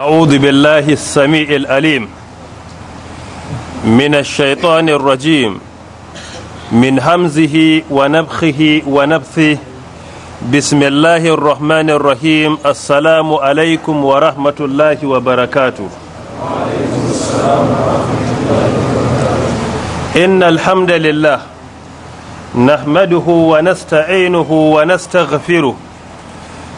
أعوذ بالله السميع الأليم من الشيطان الرجيم من همزه ونبخه ونبثه بسم الله الرحمن الرحيم السلام عليكم ورحمة الله وبركاته إن الحمد لله نحمده ونستعينه ونستغفره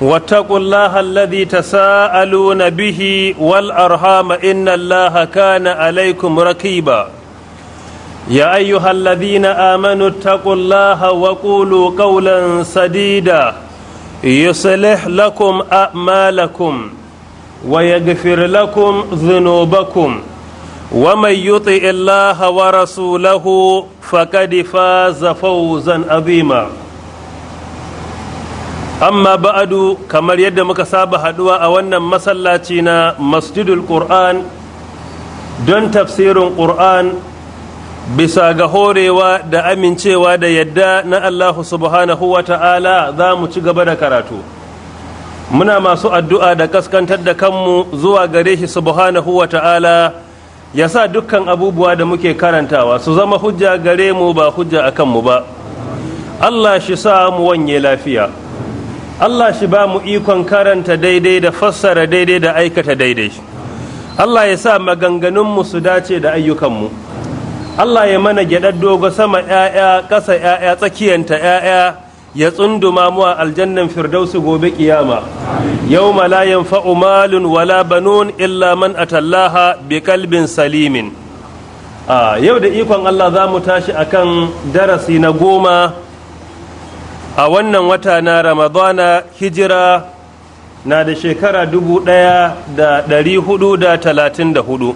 واتقوا الله الذي تساءلون به والأرحام إن الله كان عليكم ركيبا يا أيها الذين آمنوا اتقوا الله وقولوا قولا سديدا يصلح لكم أعمالكم ويغفر لكم ذنوبكم ومن يطئ الله ورسوله فقد فاز فوزا عظيما amma ba'adu kamar yadda muka saba haduwa a wannan masallaci na masjidul qur'an don tafsirin qur'an bisa ga horewa da amincewa da yadda na allahu subhanahu wa ta'ala za mu ci gaba da karatu muna masu addu'a da kaskantar da kanmu zuwa gare shi subhanahu wa ta'ala ya sa dukkan abubuwa da muke karantawa su zama hujja gare mu ba hujja a kanmu ba allah shi sa mu wanye lafiya Allah shi ba mu ikon karanta daidai da fassara daidai da aikata daidai Allah ya sa maganganunmu su dace da ayyukanmu Allah ya mana gyaɗar dogo sama ‘ya'ya ƙasa ‘ya'ya tsakiyanta ‘ya'ya ya tsunduma mu a aljannan firdausu gobe kiyama yau la yanfa'u malun wala banun illa man atallaha bi kalbin salimin yau da ikon Allah za mu tashi akan darasi na goma a wannan wata na ramadana hijira na da shekara dubu ɗaya da ɗari hudu da talatin da hudu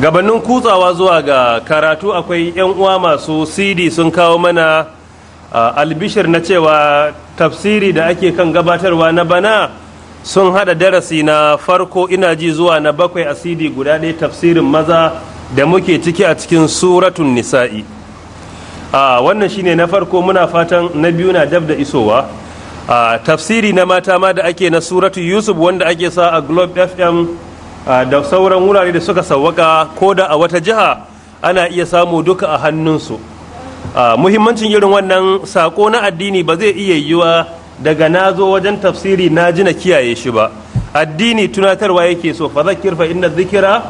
gabanin kutsawa zuwa ga karatu akwai 'yan uwa masu cd sun kawo mana albishir na cewa tafsiri da ake kan gabatarwa na bana sun hada darasi na farko ina ji zuwa na bakwai a cd guda ɗaya tafsirin maza da muke ciki a cikin suratun nisa'i a wannan shine na farko muna fatan na biyu na dab da isowa a tafsiri na mata ma da ake na suratu yusuf wanda ake sa a globe fm da sauran wurare da suka sawwaka ko da a wata jiha ana iya samu duka a hannunsu muhimmancin irin wannan sako na addini ba zai iya yiwuwa daga na zo wajen tafsiri na jina kiyaye shi ba addini tunatarwa yake so fa zakir fa inna zikira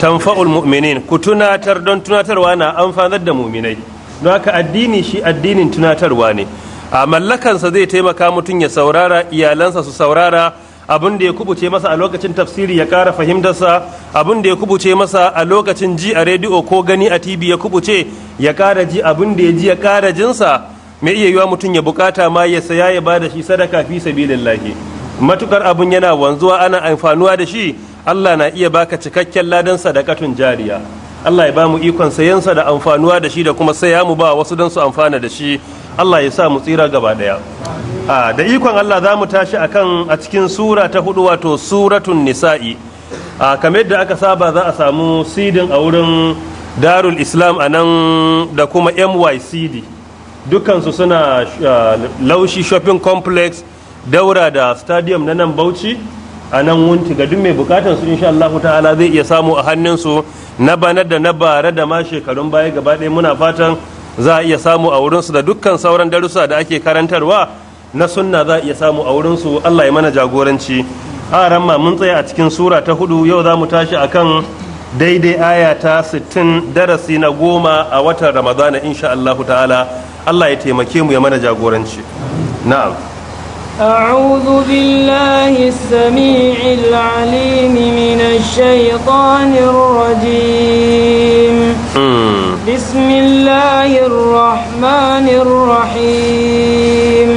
tanfa'ul mu'minin ku tunatar don tunatarwa na amfanar da mu'minai don haka addini shi addinin tunatarwa ne a mallakansa zai taimaka mutum ya saurara iyalansa su saurara abin da ya kubuce masa a lokacin tafsiri ya kara fahimtarsa abin da ya kubuce masa a lokacin ji a rediyo ko gani a tv ya kubuce ya kara ji abin da ya ji ya kara jinsa mai iya yiwa mutum ya bukata ma ya saya ya ba da shi sadaka fi sabilillahi matukar abin yana wanzuwa ana amfanuwa da shi Allah na iya baka cikakken ladan sadakatun jariya Allah ya ba mu ikon sayansa da amfanuwa da shi da kuma saya mu ba wasu don su amfana da shi Allah ya sa mu tsira gaba daya da ikon Allah za mu tashi akan a cikin sura ta hudu wato suratun nisa'i a kamar yadda aka saba za a samu sidin a wurin darul islam a nan da kuma mycd dukansu suna laushi shopping complex daura da stadium na nan bauchi a nan wunti ga duk mai bukatar su insha Allah ta'ala zai iya samu a hannun su na bana da na bara da ma shekarun baya gaba ɗaya muna fatan za a iya samu a wurinsu da dukkan sauran darussa da ake karantarwa na sunna za a iya samu a su Allah ya mana jagoranci a ramma mun tsaya a cikin sura ta hudu yau za mu tashi akan daidai aya ta 60 darasi na goma a watan ramadana insha Allah ta'ala Allah ya taimake mu ya mana jagoranci na'am أعوذ بالله السميع العليم من الشيطان الرجيم بسم الله الرحمن الرحيم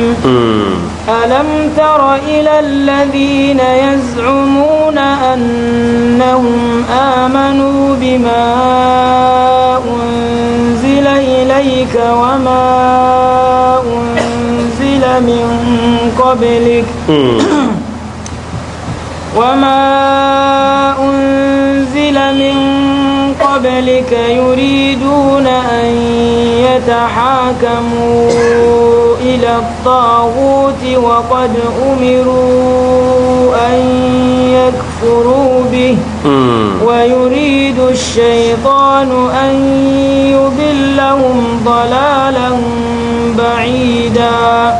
ألم تر إلى الذين يزعمون أنهم آمنوا بما أنزل إليك وما أنزل من قبلك وما أنزل من قبلك يريدون أن يتحاكموا إلى الطاغوت وقد أمروا أن يكفروا به ويريد الشيطان أن يضلهم ضلالا بعيدا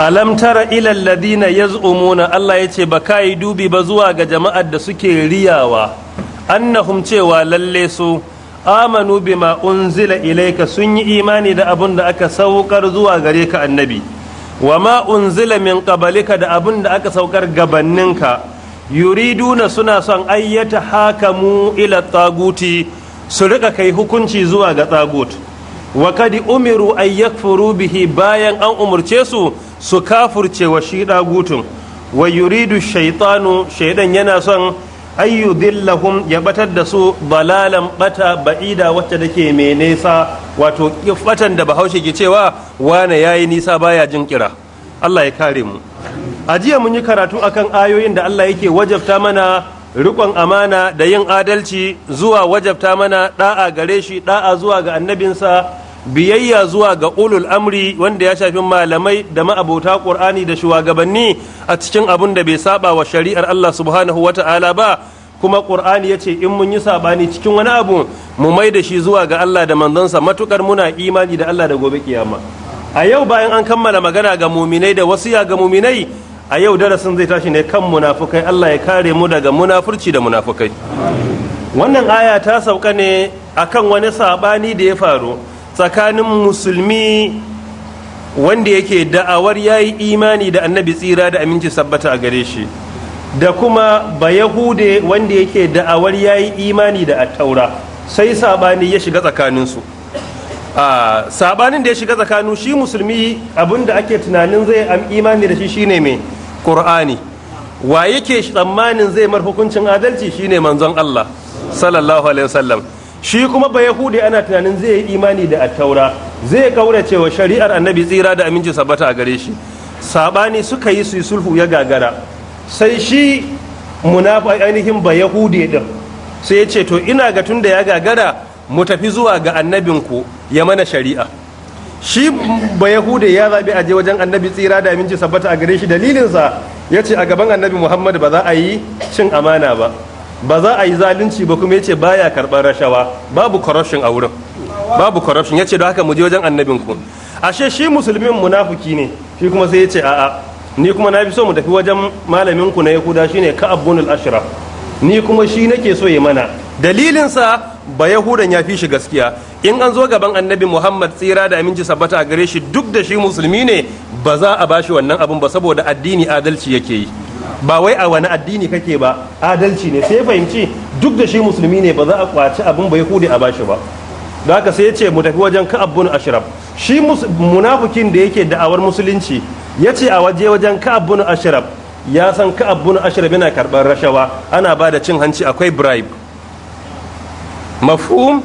alam tara ila alladhina yaz'umuna Allah yace ba kai dubi ba zuwa ga jama'ar da suke riyawa annahum cewa lalle su amanu bima unzila ilayka sun yi imani da abun da aka saukar zuwa gare ka annabi wa ma unzila min qablika da abun da aka saukar gabanninka yuriduna suna son ayyata hakamu ila taguti su rika kai hukunci zuwa ga tagut wa kad umiru ayyakfuru bihi bayan an umurce su su kafurce wa shi ɗagutun wa yuridu shaitanu shaidan yana son ayyudillahum ya batar da su balalan bata ba'ida wacce da ke mai nesa wato batan da bahaushe ke cewa wane yi nisa baya jin kira Allah ya kare mu a jiya mun yi karatu akan ayoyin da Allah yake wajabta mana rikon amana da yin adalci zuwa wajabta mana da'a gare shi da'a zuwa ga annabinsa biyayya zuwa ga ulul amri wanda ya shafi malamai da ma'abota qur'ani da shugabanni a cikin abun da bai saba wa shari'ar Allah subhanahu wata'ala ba kuma qur'ani ya ce in mun yi sabani cikin wani abu mu mai da shi zuwa ga Allah da manzansa matukar muna imani da Allah da gobe kiyama a yau bayan an kammala magana ga muminai da wasiya ga muminai a yau darasin zai tashi ne kan munafukai Allah ya kare mu daga munafurci da munafukai wannan aya ta sauka ne akan wani sabani da ya faru tsakanin musulmi wanda yake da'awar ya yi imani da annabi tsira da aminci sabbata a gare shi da kuma bayahude wanda yake da'awar ya yi imani da attaura sai sabani ya shiga tsakaninsu a sabanin da ya shiga tsakanin shi musulmi abinda ake tunanin zai am imani da shi shine mai ƙur'ani. wa yake tsammanin zai mar hukuncin adalci shine manzon Allah sallallahu alaihi wasallam shi kuma ba yahudi ana tunanin zai yi imani da attaura zai ƙauracewa cewa shari'ar annabi tsira da aminci sabbata a gare shi sabani suka yi su yi sulhu ya gagara sai shi munafa ainihin ba yahudi din sai ya ce to ina ga tun da ya gagara mu tafi zuwa ga annabinku ya mana shari'a shi ba yahudi ya zaɓi aje wajen annabi tsira da aminci sabbata a gare shi dalilinsa ya ce a gaban annabi muhammad ba za a yi cin amana ba ba za a yi zalunci ba kuma yace baya karɓar rashawa babu corruption a wurin babu corruption yace don haka mu je wajen annabin ku ashe shi musulmin munafiki ne shi kuma sai yace a'a ni kuma na fi so mu tafi wajen malamin ku na yahuda shine ka'ab bin al-ashraf ni kuma shi nake so ya mana dalilin sa ba yahudan ya fi shi gaskiya in an zo gaban annabi muhammad tsira da aminci sabbata a gare shi duk da shi musulmi ne ba za a bashi wannan abun ba saboda addini adalci yake yi ba wai a wani addini kake ba adalci ne sai fahimci duk da shi musulmi ne ba za a kwaci abin bai hude a bashi ba da haka sai ya ce mu tafi wajen ka'ab bin ashraf shi munafikin da yake da'awar musulunci ya ce a waje wajen ka'ab bin ashraf ya san ka'ab bin ashraf yana karɓar rashawa ana ba da cin hanci akwai bribe mafhum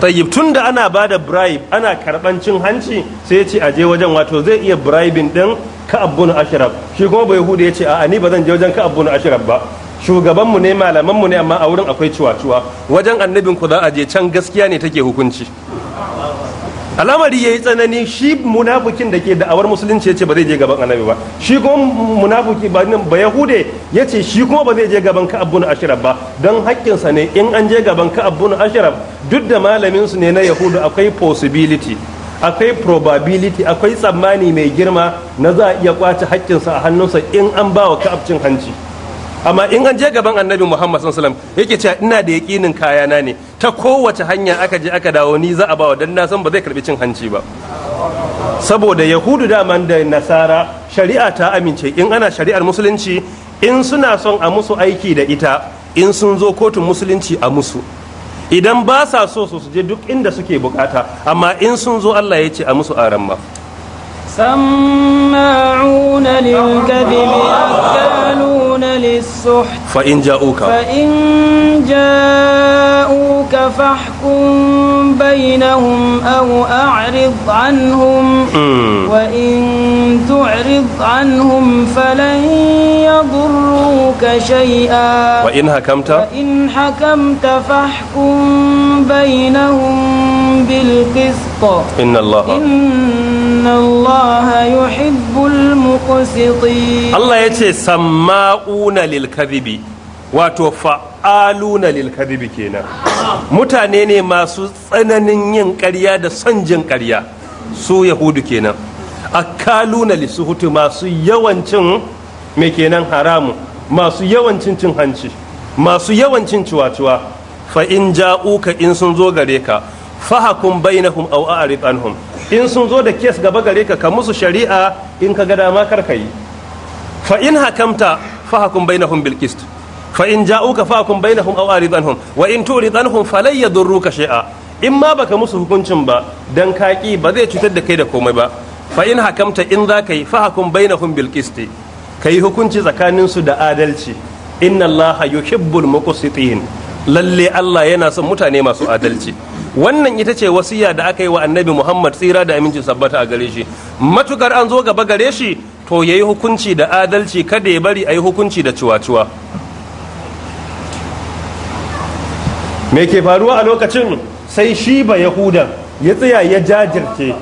tayyib da ana ba da bribe ana karɓan cin hanci sai ya ce a je wajen wato zai iya bribing din ka'abbun bin ashraf shi kuma bai hude ya ce a ni ba zan je wajen ka'abbun ashraf ba shugabanmu ne malamanmu ne amma a wurin akwai ciwa-ciwa wajen annabin ku za a je can gaskiya ne take hukunci al'amari ya yi tsanani shi munafukin da ke da'awar musulunci ya ce ba zai je gaban annabi ba shi kuma munafuki ba yahude ya ce shi kuma ba zai je gaban ka'abun ashirab ba don haƙƙinsa ne in an je gaban ka'abun ashraf duk da malaminsu ne na yahudu akwai possibility akwai probability akwai tsammani mai girma na za a iya kwace haƙƙinsa a hannunsa in an ba wa ka'abcin hanci amma in an je gaban annabi muhammad sallallahu yake cewa ina da yaƙinin kayana ne ta kowace hanya aka je aka dawo ni za a ba wa dan na san ba zai karbi cin hanci ba saboda yahudu dama da nasara shari'a ta amince in ana shari'ar musulunci in suna son a musu aiki da ita in sun zo kotun musulunci a musu idan ba sa so su je duk inda suke bukata amma in sun zo Allah ya ce a musu aramma سماعون للكذب أكالون للسحت فإن جاءوك فإن جاءوك فاحكم بينهم أو أعرض عنهم وإن تعرض عنهم فلن يضروك شيئا وإن حكمت وإن حكمت فاحكم بينهم بالقسط إن الله إن الله hibbul ya ce ya ce, wato fa'aluna lil kenan mutane ne masu tsananin yin ƙarya da son jin karya su yahudu kenan kaluna lisuhutu masu yawancin me kenan haramu masu yawancin cin hanci masu yawancin ciwa-ciwa fa'in ja'uka in sun zo gare ka fahakum bainahum aw a'rid anhum in sun zo da kes gaba gare ka ka musu shari'a in ka ga dama kar ka yi fa in hakamta fahakum bainahum bil qist fa in ja'uka fahakum bainahum aw a'rid anhum wa in turid anhum falan yadurruka shay'a in ma baka musu hukuncin ba dan kaki ba zai cutar da kai da komai ba fa in hakamta in za ka yi fahakum bainahum bil qist kai hukunci tsakanin su da adalci inna yuhibbul muqsitin lalle Allah yana son mutane masu adalci wannan ita ce wasiya da aka yi wa annabi muhammad tsira da amincin sabbata a gare shi matukar an zo gaba gare shi to ya yi hukunci da adalci kada ya bari a yi hukunci da ciwaciwa me ke faruwa a lokacin sai shi ba yahudan ya tsaya ya jajirce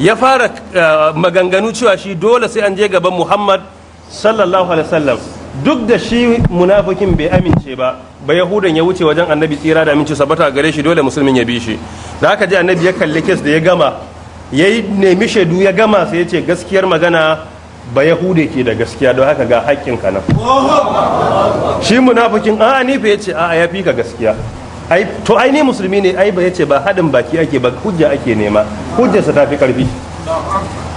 ya fara eh, maganganu cewa shi dole sai an je gaban muhammad sallallahu alaihi wasallam duk da shi munafikin bai amince ba ba yahudan ya wuce wajen annabi tsira da aminci sabata gare shi dole musulmin ya bi shi da aka ji annabi ya kalli kes da ya gama ya yi nemi shaidu ya gama sai ya ce gaskiyar magana ba yahude ke da gaskiya don haka ga haƙƙin ka nan shi munafikin a'a ni ya ce a'a ya fi ka gaskiya to ai ni musulmi ne ai ba ya ce ba haɗin baki ake ba hujja ake nema hujjarsa ta fi karfi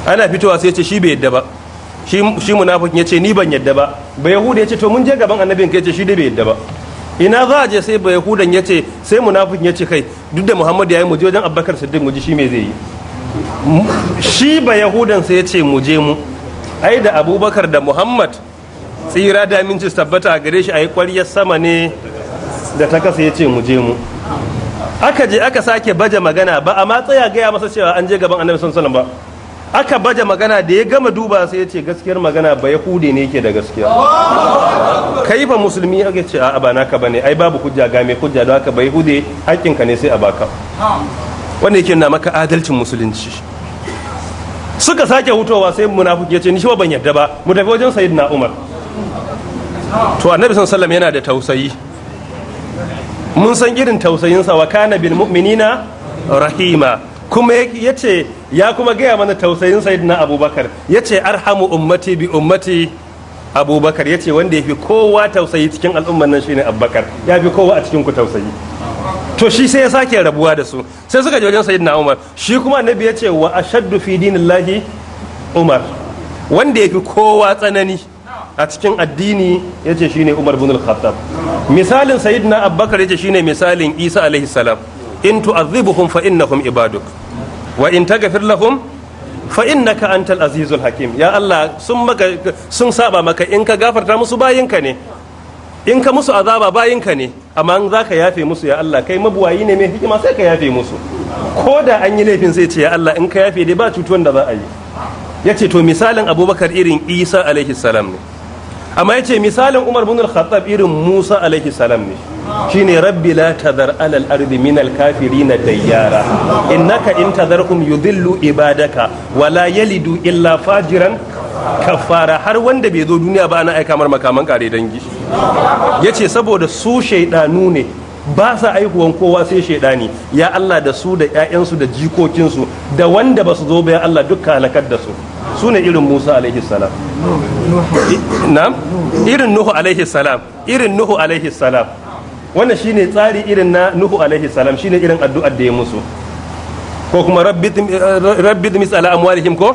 ana fitowa sai ce shi bai yadda ba shi munafikin ce ni ban yadda ba ba yahude ce to mun je gaban annabin ka ya ce shi dai bai yadda ba ina za a je sai ba yahudan ya ce sai munafin ya ce kai duk da muhammadu ya yi muje wajen abubakar siddiq mu ji shi me zai yi shi ba yahudan sai ya ce muje mu ai da abubakar da muhammad tsira da aminci tabbata a gare shi a yi kwaryar sama ne da ta kasa ya ce mu mu aka je aka sake baje magana ba a ma gaya masa cewa an je gaban annabi sallallahu alaihi wasallam ba aka baje magana da ya gama duba sai ya ce gaskiyar magana ba ya hude ne yake da gaskiya kai ba musulmi ake ce a ba naka bane ai babu hujja ga mai hujja don haka ba yahude hakkinka ne sai a baka wanda yake na maka adalcin musulunci suka sake hutowa sai munafiki ya ce ni shi ban yadda ba mu tafi wajen na umar to annabi sallallahu yana da tausayi mun san irin tausayinsa wa kana bil mu'minina rahima kuma yace. ya kuma gaya mana tausayin sayyidina abubakar ya ce arhamu ummati bi ummati abubakar ya ce wanda ya fi kowa tausayi cikin al'umman nan shine abubakar ya fi kowa a cikin ku tausayi to shi sai ya sake rabuwa da su sai suka je wajen sayyidina umar shi kuma annabi ya ce wa ashaddu fi dinillahi umar wanda ya fi kowa tsanani a cikin addini ya ce shine umar bin al-khattab misalin sayyidina abubakar ya ce shine misalin isa alaihi salam in tu'adhibuhum fa innahum ibaduk wa in taghfir lahum fa innaka antal azizul hakim ya Allah sun maka sun saba maka in ka gafarta musu bayinka ne in ka musu azaba bayinka ne amma in zaka yafe musu ya Allah kai mabuwayi ne mai hikima sai ka yafe musu ko da an yi laifin sai ce ya Allah in ka yafe dai ba cutuwan da za a yi yace to misalin Abubakar irin Isa alaihi salam ne amma ce misalin Umar bin Al-Khattab irin Musa alaihi salam ne shine rabbi la tazar alal ardi min al na dayyara innaka in tadharhum yudhillu ibadaka wala yalidu illa fajiran kafara har wanda bai zo duniya ba ana aika mar makaman kare dangi yace saboda su shaidanu ne ba sa aihuwan kowa sai shaidani ya Allah da su da 'ya'yansu da jikokinsu da wanda ba su zo ba ya Allah dukka halakar da su su ne irin Musa alaihi salam na'am irin Nuhu alaihi salam irin Nuhu alaihi salam wannan shine tsari irin na Nuhu alaihi salam shine irin addu'ar da ya musu ko kuma rabbi tumis ala amwalihim ko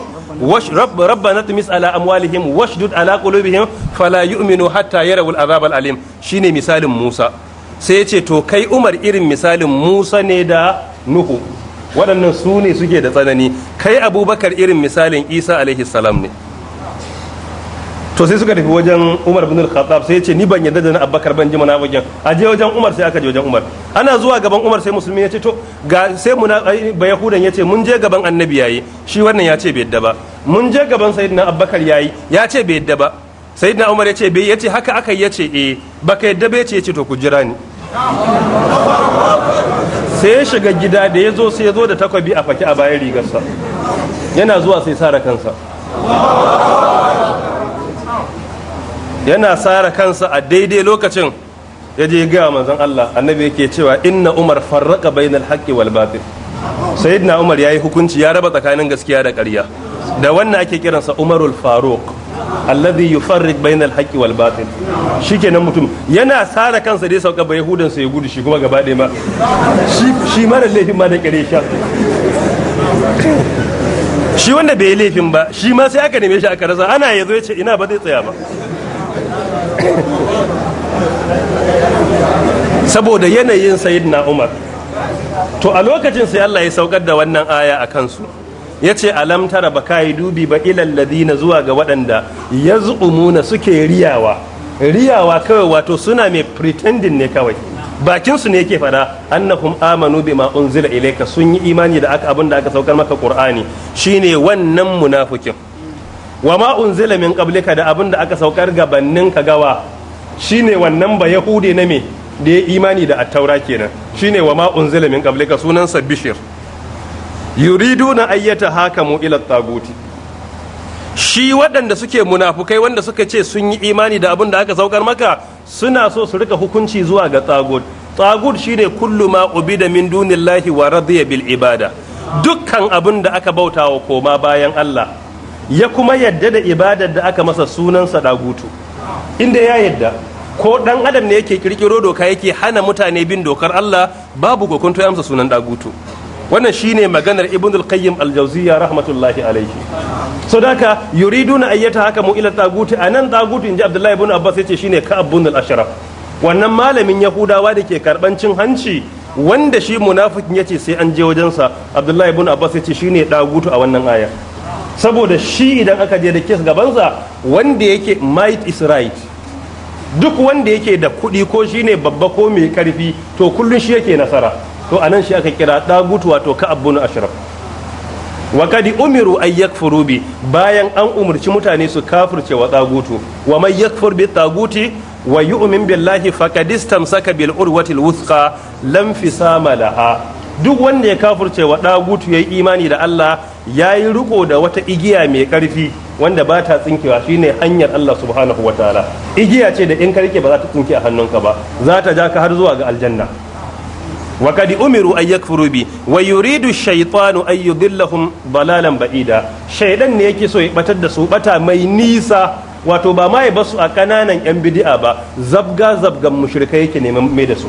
rabbana tumis ala amwalihim washdud ala qulubihim fala yu'minu hatta yarawul azabal al alim shine misalin Musa sai ya ce to kai umar irin misalin musa ne da nuhu waɗannan su ne suke da tsanani kai abubakar irin misalin isa alaihi salam ne to sai suka tafi wajen umar bin al-khattab sai ya ce ni ban yadda da na abubakar ban ji wajen a je wajen umar sai aka je wajen umar ana zuwa gaban umar sai musulmi ya ce to ga sai muna ba yahudan ya ce mun je gaban annabi yayi shi wannan ya ce bai yadda ba mun je gaban sayyidina abubakar yayi ya ce bai yadda ba sayyidina umar ya ce bai ya ce haka aka yi ya ce eh baka yadda ba ya ce to ku jira ni sai ya shiga gida da ya zo sai ya zo da takwabi a faki a bayan rigarsa yana zuwa sai sara kansa yana sara kansa a daidai lokacin ya je gaya manzon Allah annabi yake cewa inna umar farraka bainal haqqi wal batil sayyidina umar yayi hukunci ya raba tsakanin gaskiya da ƙarya da wannan ake kiransa umarul Faruk. alladhi yufarriq bainal haqqi wal batil shikenan mutum yana sara kansa dai sauka bai yahudan sa ya gudu shi kuma gaba ɗaya ma shi mara laifin ma da kare sha shi wanda bai laifin ba shi ma sai aka neme shi aka rasa ana yazo ya ce ina ba zai tsaya ba saboda yanayin sayyidina umar to a lokacin sai Allah ya saukar da wannan aya a kansu ya ce alam tara ba ka dubi ba ilal na zuwa ga waɗanda ya Muna suke riyawa riyawa kawai wato suna mai pretending ne kawai bakinsu ne yake fada annahum amanu bima unzila ilayka sun yi imani da aka abin da aka saukar maka qur'ani shine wannan munafikin wa ma unzila min qablika da abin da aka saukar gabannin ka gawa shine wannan ba yahudi na me da ya imani da attaura kenan shine wa ma unzila min qablika sunan bishir yuridu na ayyata mu ila taguti shi waɗanda suke munafukai wanda suka ce sun yi imani da abin da aka saukar maka suna so su rika hukunci zuwa ga tsagut shi shine kullu ma da min dunillahi wa radiya bil ibada dukkan abin da aka bauta wa koma bayan Allah ya kuma yadda da ibadar da aka masa sunansa dagutu inda ya yadda ko dan adam ne yake kirkiro doka yake hana mutane bin dokar Allah babu kokunto ya amsa sunan dagutu wannan shine maganar ibn al-qayyim al-jawziyya rahmatullahi alaihi. so daka yuriduna ayyata haka mu ila taguti anan taguti inji abdullahi ibn abbas yace shine ka'ab ibn al-ashraf wannan malamin yahudawa da ke karban cin hanci wanda shi munafikin yace sai an je wajensa abdullahi ibn abbas yace shine dagutu a wannan aya saboda shi idan aka je da gaban gabansa wanda yake might is right duk wanda yake da kuɗi ko shine babba ko mai karfi to kullun shi yake nasara to a nan shi aka kira ɗagutu wato ka bin ashraf wa kadi umiru ay yakfuru bi bayan an umarci mutane su kafirce wa ɗagutu wa man yakfur bi ɗaguti wa yu'min billahi faqad istamsaka bil urwatil wuthqa lam fisama laha duk wanda ya kafirce wa dagutu yayi imani da Allah yayi riko da wata igiya mai ƙarfi wanda ba ta tsinkewa shine hanyar Allah subhanahu ta'ala igiya ce da in ka ba za ta tsinke a hannunka ba za ta ja ka har zuwa ga aljanna wa qad umiru an yakfuru bi wa yuridu shaytanu ba'ida shaydan ne yake so ya batar da su bata mai nisa wato ba ma a kananan yan bid'a ba zabga zabgan mushrikai yake neman mai da su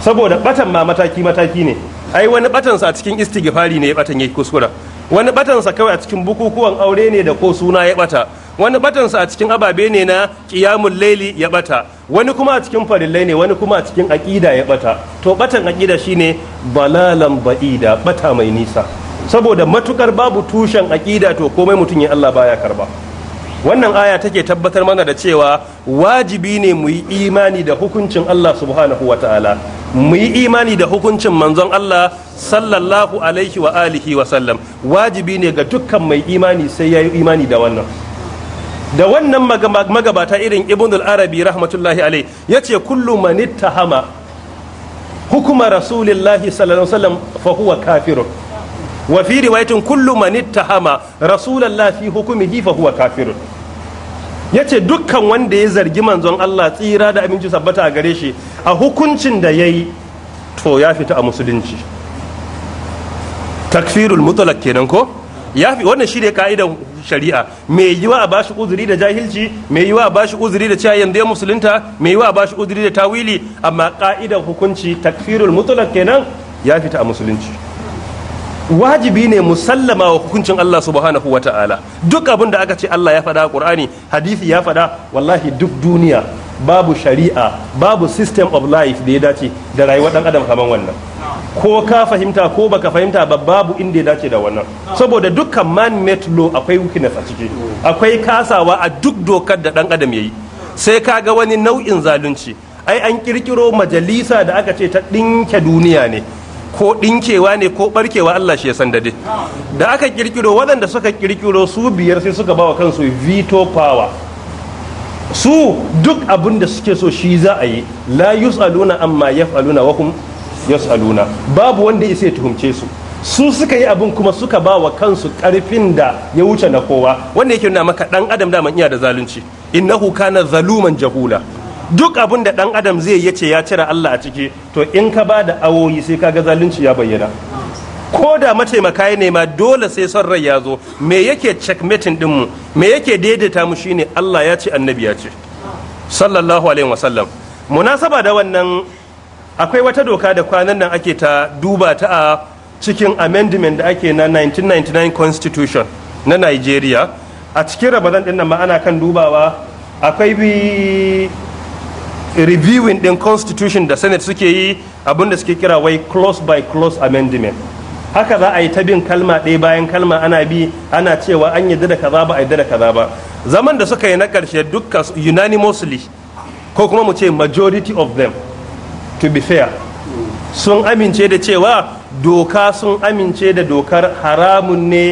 saboda batan ma mataki mataki ne ai wani batansa a cikin istighfari ne ya batan yake kuskura wani batansa kawai a cikin bukukuwan aure ne da ko suna ya bata wani batansa a cikin ababe ne na ƙiyamun laili ya bata wani kuma a cikin farillai ne wani kuma a cikin aqida ya bata to batan aqida shine balalan ba'ida bata mai nisa saboda matukar babu tushen aƙida to komai mutum ya Allah baya karba wannan aya take tabbatar mana da cewa wajibi ne mu yi imani da hukuncin Allah subhanahu wa ta'ala mu yi imani da hukuncin manzon Allah sallallahu alaihi wa alihi wa sallam wajibi ne ga dukkan mai imani sai ya yi imani da wannan da wannan magabata irin ibn al-arabi rahmatullahi alaihi, ya ce kullu manitta hama hukuma rasulillahi sallallahu wasallam fa huwa kafirun wa fi riwayatin kullu hama rasulallahi fi hukumihi fa huwa kafirun ya ce dukkan wanda ya zargi manzon Allah tsira da abinci sabbata a gare shi a hukuncin da ya yi to ya fita a musulunci takfirul mutalak kenan ko ya fi wannan ne ka'idan shari'a mai yiwa a bashi uzuri da jahilci mai wa a bashi uzuri da cayan yanzu ya musulunta mai yiwa a bashi uzuri da tawili amma ka'idan hukunci takfirul mutlaq kenan ya fita a musulunci wajibi ne musallama wa hukuncin Allah subhanahu wa ta'ala duk abin da aka ce Allah ya faɗa a Qur'ani hadisi ya faɗa wallahi duk duniya babu shari'a babu system of life da ya dace da rayuwar dan adam kamar wannan ko ka fahimta ko baka fahimta ba babu inda ya dace da wannan saboda dukkan man made law akwai weakness a ciki akwai kasawa a duk dokar da dan adam yayi sai ka ga wani nau'in zalunci ai an kirkiro majalisa da aka ce ta dinke duniya ne ko ɗinkewa ne ko barkewa Allah shi ya san dade da aka kirkiro waɗanda suka kirkiro su biyar sai suka bawa kansu veto power su duk abin da suke so shi za a yi la yus'aluna amma yaf'aluna wa hum yas'aluna babu wanda ya tuhumce su su suka yi abin kuma suka ba wa kansu karfin da ya wuce na kowa wanda yake nuna maka dan adam daman iya da zalunci innahu kana zaluman jahula duk abin da dan adam zai yi ce ya cire Allah a ciki to in ka ba da awoyi sai kaga zalunci ya bayyana ko da mataimaka ya nema dole sai son rai ya zo me yake checkmating mu me yake daidaita mu shine Allah ya ce annabi ya ce sallallahu alaihi wasallam munasaba da wannan akwai wata doka da kwanan nan ake ta duba ta a cikin amendment da ake na 1999 constitution na nigeria a cikin ramadan din nan ma ana kan dubawa akwai bi reviewing din constitution da senate suke yi abinda suke kira wai close by close amendment haka za a yi ta bin kalma ɗaya bayan kalma ana bi ana cewa an yi da kaza ba a yi da kaza ba zaman da suka yi na ƙarshe dukkan unanimously ko kuma mu ce majority of them to be fair sun amince da cewa doka sun amince da dokar haramun ne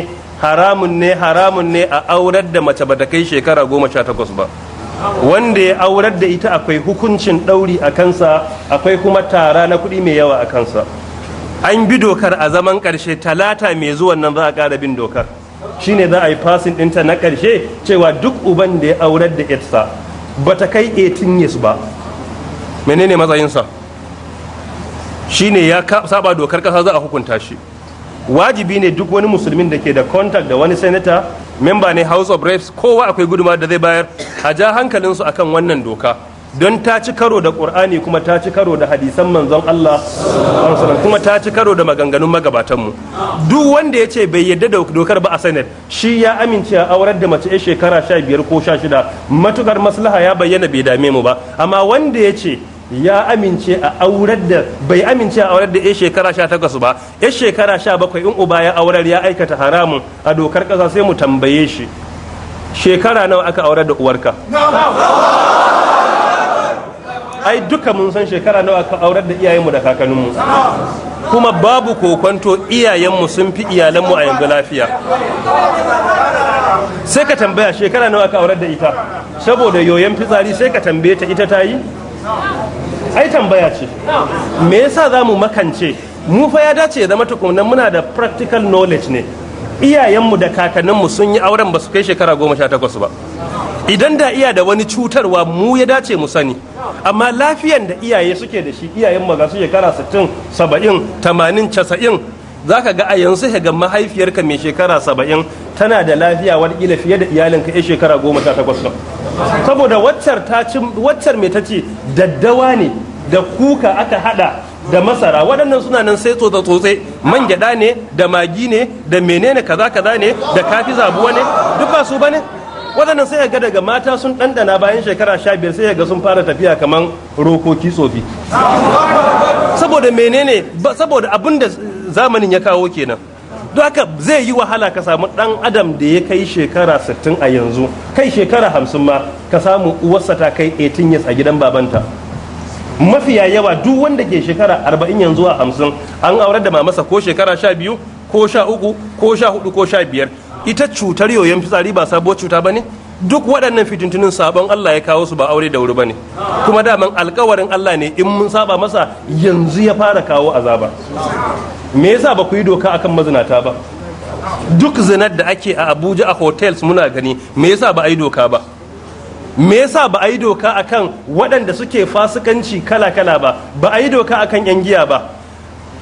haramun ne haramun ne a aurar da mace ba ta kai shekara goma sha takwas ba wanda ya aurar da ita akwai hukuncin ɗauri a kansa akwai kuma tara na kuɗi mai yawa a kansa an bi dokar a zaman ƙarshe talata mai zuwan nan za a ƙara bin dokar shine za a yi fasin ɗinta na ƙarshe cewa duk uban da ya aurar da ba ta kai 18 years ba menene matsayinsa shi ne ya saba dokar kasa za a hukunta shi wajibi ne duk wani musulmin da ke da contact da wani senator memba ne house of reps kowa akwai guduma da zai bayar a ja hankalinsu akan wannan doka don ta ci karo da qur'ani kuma ta ci karo da hadisan manzon Allah kuma ta ci karo da maganganun magabatanmu duk wanda ya ce bai yadda da dokar ba a senate shi ya amince a aurar da mace shekara sha biyar ko sha shida matukar maslaha ya bayyana bai dame mu ba amma wanda ya ce ya amince a aurar da bai amince a aurar da ya shekara sha takwas ba ya shekara sha bakwai in uba ya aurar ya aikata haramun a dokar ƙasa sai mu tambaye shi shekara nawa aka aurar da uwarka ai duka mun san shekara nawa aka aurar da iyayenmu da kakanninmu kuma babu kokonto iyayenmu sun fi iyalanmu a yanzu lafiya sai ka tambaya shekara nawa aka aurar da ita saboda yoyon fitsari sai ka tambaye ta ita ta yi ai tambaya ce me yasa za mu makance mu fa ya dace ya zama tukunan muna da practical knowledge ne iyayenmu da kakanninmu sun yi auren ba su kai shekara goma sha takwas ba idan da iya da wani cutarwa mu ya dace mu sani amma lafiyan da iyaye suke da shi iyayen maza su shekara sittin saba'in tamanin casa'in za ka ga a yanzu ga mahaifiyarka mai shekara saba'in tana da lafiya wadda fiye da iyalinka ya shekara goma sha takwas saboda waccar mai ta ce daddawa ne da kuka aka hada da masara waɗannan suna nan sai tsotse tsotse man gyaɗa ne da magi ne da menene kaza kaza ne da kafi zabuwa ne duk ba su bane waɗannan sai ga daga mata sun ɗanɗana bayan shekara sha biyar sai ga sun fara tafiya kamar rokoki tsofi saboda menene saboda abin da zamanin ya kawo kenan don haka zai yi wahala ka samu dan adam da ya kai shekara 60 a yanzu kai shekara 50 ma ka samu uwarsa ta kai 18 years a gidan babanta mafiya yawa duk wanda ke shekara 40 yanzu a 50 an aurar da mamasa ko shekara 12 ko 13 ko 14 ko 15 ita cutar yoyon fitsari ba sabuwar cuta bane duk waɗannan fitintunin sabon Allah ya kawo su ba aure da wuri ne kuma daman alkawarin Allah ne in mun saba masa yanzu ya fara kawo azaba me yasa ba ku yi doka akan mazinata ba duk zinar da ake a Abuja a hotels muna gani me yasa ba a yi doka ba me yasa ba a yi doka akan waɗanda suke fasikanci kala-kala ba ba a yi doka akan yan giya ba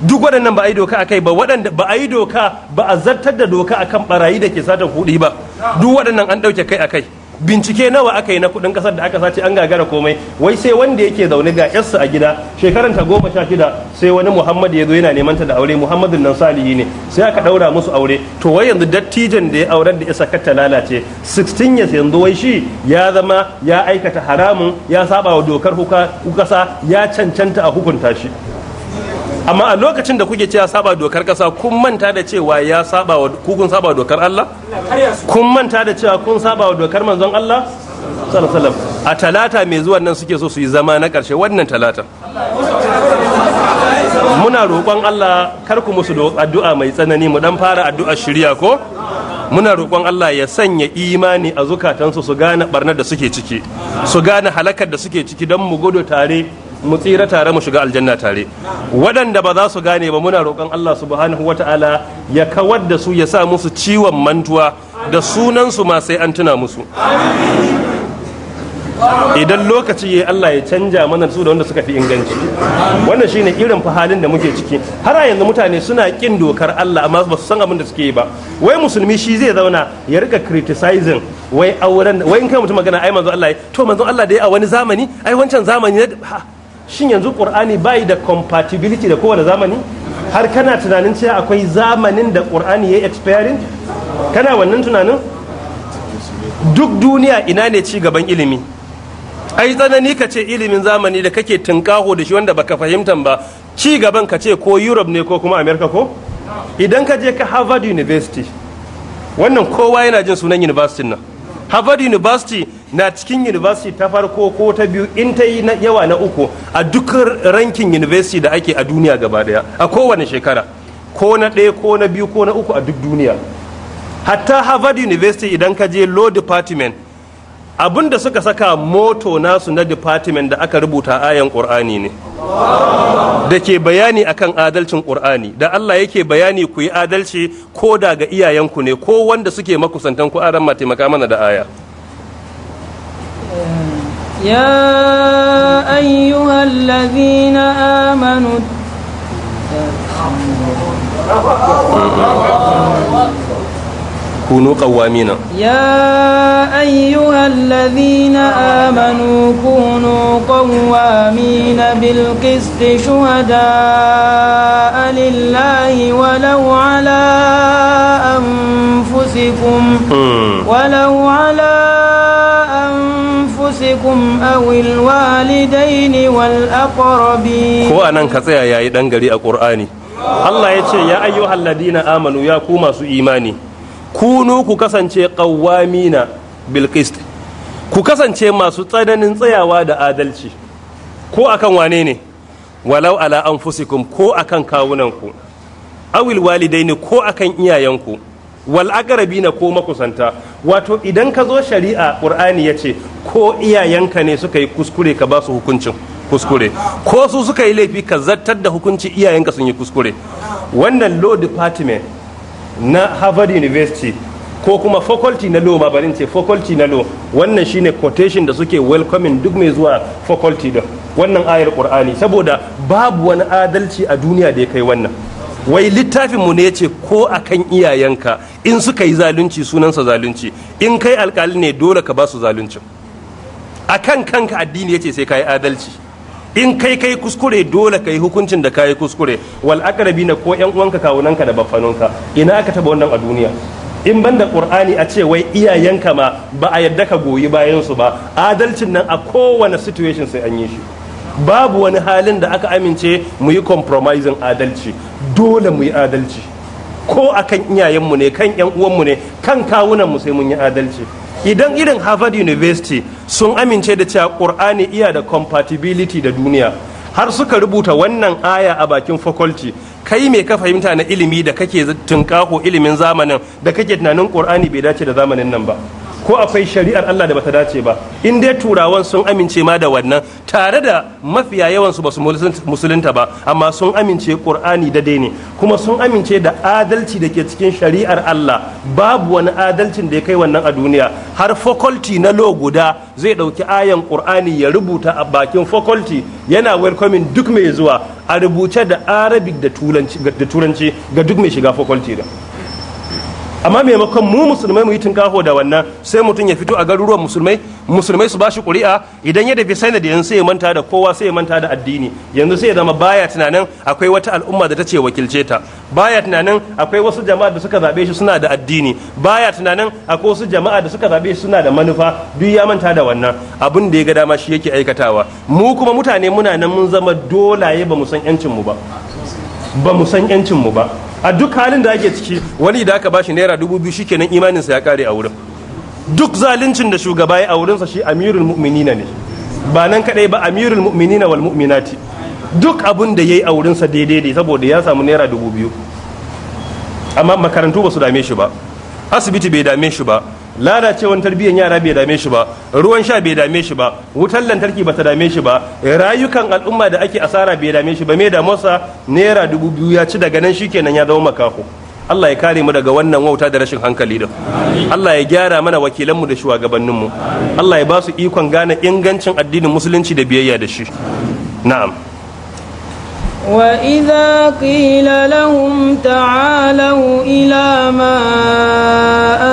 duk waɗannan ba a yi doka a kai ba waɗanda ba a yi doka ba a zartar da doka a kan ɓarayi da ke satan kuɗi ba duk waɗannan an ɗauke kai a kai bincike nawa aka yi na kuɗin ƙasar da aka sace an gagara komai wai sai wanda yake zaune ga yarsa a gida shekaran ta goma sha shida sai wani muhammad ya zo yana neman ta da aure muhammadun nan salihi ne sai aka ɗaura musu aure to wai yanzu dattijan da ya aurar da isa ta lalace 16 years yanzu wai shi ya zama ya aikata haramun ya saba wa dokar kasa ya cancanta a hukunta shi amma a lokacin da kuke cewa saba dokar kasa kun manta da cewa ya saba wa kun saba dokar Allah kun manta da cewa kun saba wa dokar manzon Allah sallallahu alaihi a talata mai zuwan nan suke so su yi zama na karshe wannan talata muna roƙon Allah kar ku musu addu'a mai tsanani mu dan fara addu'a shirya ko muna roƙon Allah ya sanya imani a zukatansu su gane barnar da suke ciki su gane halakar da suke ciki don mu gudu tare mu tsira tare mu shiga aljanna tare waɗanda ba za su gane ba muna roƙon Allah subhanahu wata'ala ya kawar da su ya sa musu ciwon mantuwa da sunan su ma sai an tuna musu idan lokaci ya Allah ya canja mana su da wanda suka fi inganci wannan shine irin fa halin da muke ciki har a yanzu mutane suna kin dokar Allah amma ba su san abin da suke yi ba wai musulmi shi zai zauna ya rika criticizing wai auren wai in kai mutum magana ai manzo Allah to manzo Allah da ya a wani zamani ai wancan zamani shin yanzu qur'ani bai da compatibility da kowane zamani har kana tunanin cewa akwai zamanin da qur'ani yi expiring kana wannan tunanin duk duniya ina ne ci gaban ilimi ai tsanani ka ce ilimin zamani da kake tunkaho da shi wanda baka fahimtan ba ci gaban ka ce ko europe ne ko kuma america ko idan ka je ka harvard university wannan kowa yana jin sunan university nan harvard university na cikin university ta farko ko ta biyu in ta yi yawa na uku a duk rankin university da ake a duniya gaba daya a kowane shekara ko na ɗaya ko na biyu ko na uku a duk duniya hatta harvard university idan ka je law department abin da suka saka moto nasu na department da aka rubuta ayan ƙur'ani ne da ke bayani akan adalcin ƙur'ani da Allah yake bayani ku yi adalci ko da ga iyayenku ne ko wanda suke makusantan ku aran ma taimaka mana da aya ya ayyuhal ladhina amanu mm-hmm. كونوا قوامين يا أيها الذين آمنوا كونوا قوامين بالقسط شهداء لله ولو على أنفسكم ولو على أنفسكم أو الوالدين والأقربين هو أنا كتيا يا إدنجري القرآني Allah ya ce ya ayyuhal ladina amanu ya ku masu imani kunu ku kasance ƙauwami na ku kasance masu tsananin tsayawa da adalci ko akan wane ne walau ala anfusikum ko akan kawunanku awil walidaini ko akan iyayenku wal aqrabina ko makusanta wato idan ka zo shari'a qur'ani ce ko iyayenka ne suka yi kuskure ka basu su hukuncin kuskure ko su suka yi laifi ka zartar da hukunci iyayenka sun yi kuskure wannan law department na harvard university ko kuma faculty na law ma barin ce faculty na law wannan shine quotation da suke welcoming duk mai zuwa faculty da wannan ayar qur'ani saboda babu wani adalci a duniya da ya kai wannan wai littafin mu ne yace ko akan iyayenka in suka yi zalunci sunansa zalunci in kai alkali ne dole ka ba su zaluncin akan kanka addini ce sai ka yi adalci in kai kai kuskure dole kai hukuncin da kai kuskure wal na ko yan uwanka kawunanka da baffanonka ina aka taba wannan a duniya in ban da qur'ani a ce wai iyayenka ma ba a yadda ka goyi bayan su ba adalcin nan a kowane situation sai an yi shi babu wani halin da aka amince mu yi compromising adalci dole mu yi adalci ko akan mu ne kan yan uwanmu ne kan kawunanmu sai mun yi adalci idan irin harvard university sun amince da cewa ƙur'ani iya da compatibility da duniya har suka rubuta wannan aya a bakin faculty kai mai ka fahimta na ilimi da kake tunƙaho ilimin zamanin da kake tunanin ƙur'ani bai dace da zamanin nan ba ko akwai shari'ar Allah da bata dace ba in dai turawan sun amince ma da wannan tare da mafiya yawan su basu musulunta ba amma sun amince qur'ani da dai ne kuma sun amince da adalci da ke cikin shari'ar Allah babu wani adalcin da ya kai wannan a duniya har faculty na lo guda zai dauki ayan qur'ani ya rubuta a bakin faculty yana welcoming duk mai zuwa a rubuce da arabic da turanci ga duk mai shiga faculty da amma maimakon mu musulmai mu yi tunkaho da wannan sai mutum ya fito a garuruwan musulmai musulmai su bashi kuri'a idan ya tafi sanadi yanzu sai ya manta da kowa sai manta da addini yanzu sai ya zama baya tunanin akwai wata al'umma da ta ce wakilce ta baya tunanin akwai wasu jama'a da suka zabe shi suna da addini baya tunanin akwai wasu jama'a da suka zabe shi suna da manufa duk ya manta da wannan abin da ya ga dama shi yake aikatawa mu kuma mutane muna nan mun zama dolaye ba mu san yancin mu ba ba mu san yancin mu ba a duk halin da ake ciki wani da aka ba shi naira dubu biyu shikenan imaninsa ya kare a wurin duk zaluncin da shugaba ya a wurin sa shi amirul mu'minina ne ba nan kadai ba amirul mu'minina wal mu'minati duk abun da yayi a wurin sa daidai ne saboda ya samu naira dubu biyu amma makarantu ba su dame shi ba asibiti bai dame shi ba lalacewar tarbiyyar yara bai dame shi ba ruwan sha bai dame shi ba wutar lantarki ba ta dame shi ba rayukan al'umma da ake asara bai dame shi ba da mosa naira dubu biyu ya ci daga nan kenan ya zama makaho Allah ya kare mu daga wannan wauta da rashin hankali da Allah ya gyara mana wakilanmu da shugabanninmu Allah ya ba su ikon gane ingancin addinin musulunci da biyayya da shi na'am وإذا قيل لهم تعالوا إلى ما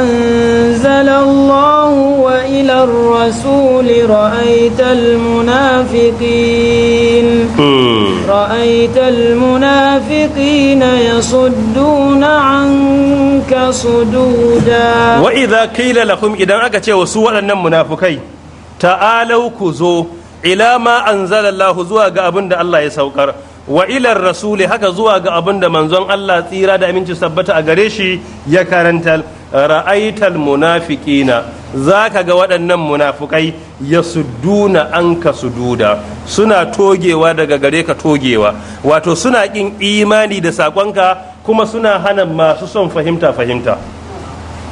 أنزل الله وإلى الرسول رأيت المنافقين رأيت المنافقين يصدون عنك صدودا وإذا قيل لهم إذا أكتوا سوء أن منافقين تعالوا كزو ila ma anzalallahu zuwa ga abin da Allah ya saukar wa ilar rasuli haka zuwa ga abin da manzon Allah tsira da aminci sabbata a gare shi ya karanta ra'aital munafiqina zaka ga waɗannan munafukai ya sudduna anka ka sududa suna togewa daga gare ka togewa wato suna kin imani da sakonka kuma suna hana masu son fahimta fahimta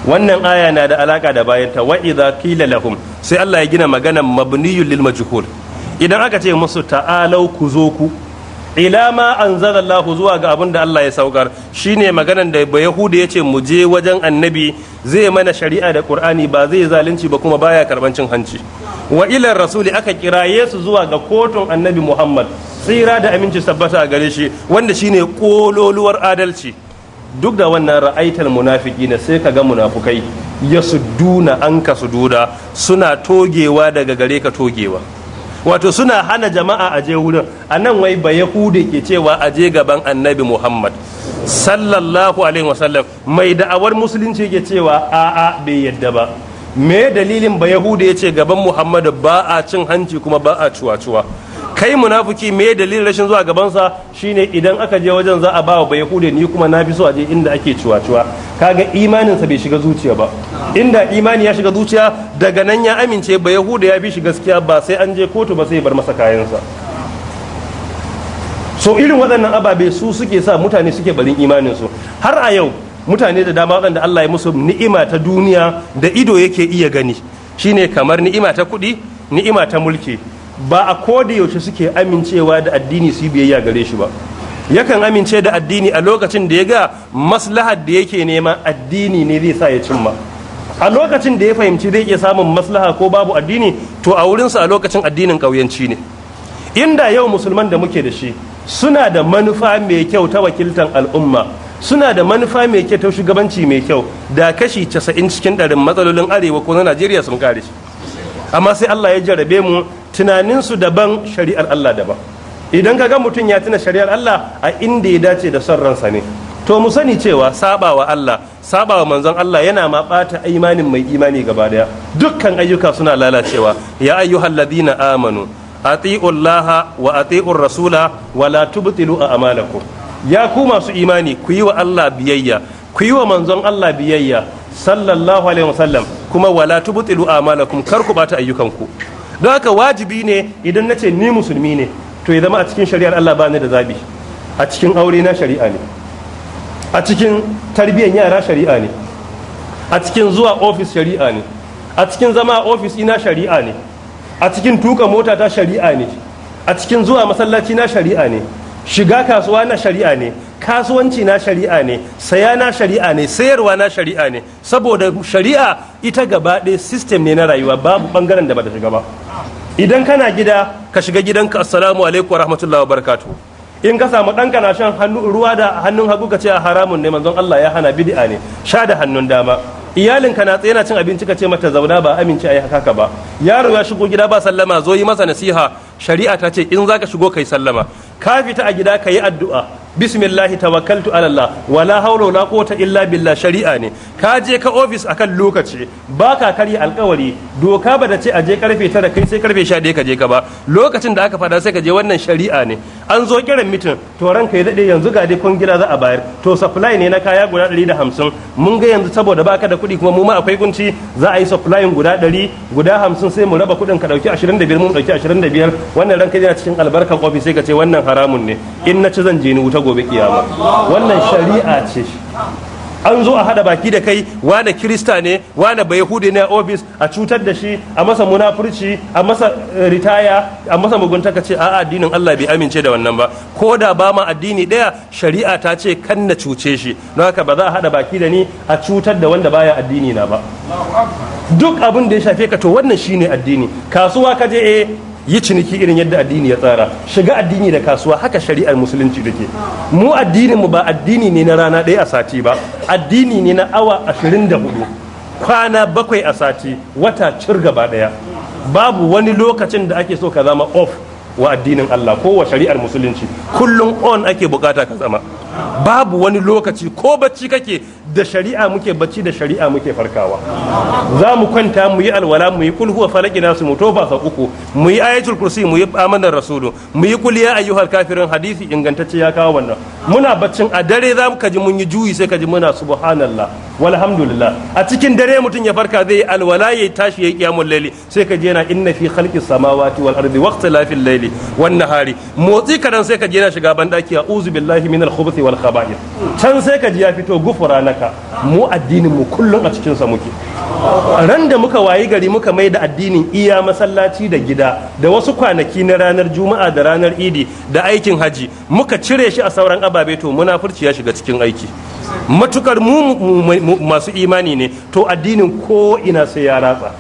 wannan aya na da alaka da bayanta wa idza qila lahum sai Allah ya gina magana mabniyul lil majhul idan aka ce musu ta'alau ku zo ku ila ma anzala zuwa ga abin da Allah ya saukar shine maganan da ba yahuda yace mu je wajen annabi zai mana shari'a da qur'ani ba zai zalunci ba kuma baya karban cin hanci wa ila rasuli aka kira Yesu zuwa ga kotun annabi Muhammad tsira da aminci tabbata a gare shi wanda shine kololuwar adalci duk da wannan ra'aitar munafiki na sai ka ga munafukai ya duna an ka duda suna togewa daga gare ka togewa wato suna hana jama'a a je wurin a nan wai ba yahudi ke cewa a je gaban annabi muhammad sallallahu alaihi wasallam mai da'awar musulunci ke cewa a'a bai yadda ba me dalilin ba yahudi ya ce gaban Muhammadu ba a cin hanci kuma ba a cuwa-cuwa kai munafiki me dalilin rashin zuwa gabansa shine idan aka je wajen za a ba wa bayahude ni kuma na fi so a je inda ake ciwa-ciwa kaga imaninsa bai shiga zuciya ba inda imani ya shiga zuciya daga nan ya amince bayahude ya bi shi gaskiya ba sai an je kotu ba sai bar masa kayansa so irin waɗannan ababe su suke sa mutane suke barin imanin su har a yau mutane da dama waɗanda Allah ya musu ni'ima ta duniya da ido yake iya gani shine kamar ni'ima ta kuɗi ni'ima ta mulki ba a koda yaushe suke amincewa da addini su biyayya gare shi ba yakan amince da addini a lokacin da ya ga maslahar da yake nema addini ne zai sa ya cimma a lokacin da ya fahimci zai iya samun maslaha ko babu addini to a wurinsa a lokacin addinin ƙauyenci ne inda yau musulman da muke da shi suna da manufa mai kyau ta wakiltan al'umma suna da manufa mai kyau ta shugabanci mai kyau da kashi casa'in cikin ɗarin matsalolin arewa ko na najeriya sun kare shi amma sai allah ya jarabe mu tunaninsu daban shari'ar Allah daban idan ka ga mutum ya tuna shari'ar Allah a inda ya dace da son ransa ne to mu sani cewa sabawa Allah sabawa manzon Allah yana ma bata imanin mai imani gaba daya dukkan ayyuka suna lalacewa ya ladina amanu ati'u Allah wa ati'u rasula wa la tubtilu a'malakum ya ku masu imani ku yi wa Allah biyayya ku yi wa manzon Allah biyayya sallallahu alaihi wasallam kuma wala tubtilu a'malakum kar ku bata ayyukanku don haka wajibi ne idan na ce ni musulmi ne to ya zama a cikin shari'ar Allah ba ni da zabi a cikin aure na shari'a ne a cikin tarbiyyar yara shari'a ne a cikin zuwa ofis shari'a ne a cikin zama ofis ina shari'a ne a cikin tuka mota ta shari'a ne a cikin zuwa masallaci na shari'a ne shiga kasuwa na shari'a ne kasuwanci na shari'a ne saya na shari'a ne sayarwa na shari'a ne saboda shari'a ita gaba ɗaya system ne na rayuwa babu bangaren da ba ta shiga ba idan kana gida ka shiga gidanka assalamu alaikum wa rahmatullahi wa barakatu in ka samu ɗanka na shan hannu ruwa da hannun hagu ka ce a ah, haramun ne manzon Allah ya hana bid'a ne sha da hannun dama iyalinka na tsaye na cin abinci ka ce mata zauna ba amince ayi haka ba yaro ya shigo gida ba sallama zo yi masa nasiha shari'a ta ce in zaka shigo kai sallama ka fita a gida ka yi addu'a ta tawakkaltu ala Allah wala haula wala quwwata illa billah shari'a ne ka je ka office akan lokaci ba ka karya alkawari doka ba da ce a je karfe 9 kai sai karfe 11 ka je ka ba lokacin da aka fada sai ka je wannan shari'a ne an zo kiran mitin to ran kai dade yanzu ga dai gida za a bayar to supply ne na kaya guda 150 mun ga yanzu saboda ba ka da kuɗi kuma mu ma akwai kunci za a yi supply guda 100 guda 50 sai mu raba kuɗin ka dauki 25 mun dauki 25 wannan ranka yana cikin albarkan office sai ka ce wannan haramun ne in na ci zan je ni wuta gobe kiyama wannan shari'a ce an zo a hada baki da kai wane kirista ne wane bai hude ne a ofis a cutar da shi a masa munafurci a masa eh, ritaya a masa mugunta ka ce a addinin Allah bai amince da wannan ba ko da ba ma addini daya shari'a ta ce kan na cuce shi don haka ba za a hada baki da ni a cutar da wanda baya addini na ba duk abin da ya shafe ka to wannan shine addini kasuwa ka je eh yi ciniki irin yadda addini ya tsara shiga addini da kasuwa haka shari'ar musulunci take mu addinin mu ba addini ne na rana ɗaya a sati ba addini ne na awa 24 kwana bakwai a sati wata cir gaba ɗaya babu wani lokacin da ake so ka zama off wa addinin Allah ko wa shari'ar musulunci kullum on ake bukata ka zama babu wani lokaci ko bacci kake da shari'a muke bacci da shari'a muke farkawa za mu kwanta mu yi alwala mu yi kulhu wa falaki nasu mu toba sa uku mu yi ayatul kursi mu yi amanar rasulu mu yi kul ayyuhal kafirin hadisi ingantacce ya kawo wannan muna baccin a dare za mu kaji mun yi juyi sai kaji muna subhanallah walhamdulillah a cikin dare mutum ya farka zai yi alwala ya tashi ya kiyamul laili sai ka ji yana inna fi khalqis samawati wal ardi waqtilafil laili wan nahari motsi kadan sai ka ji yana shiga daki a uzu billahi minal khubuthi wal khaba'ith can sai ka ji ya fito naka. haka mu addinin mu kullum a cikin sa muke ran da muka wayi gari muka mai da addinin iya masallaci da gida da wasu kwanaki na ranar juma'a da ranar idi da aikin haji muka cire shi a sauran ababe to munafurci ya shiga cikin aiki matukar mu masu imani ne to addinin ko ina sai ya ratsa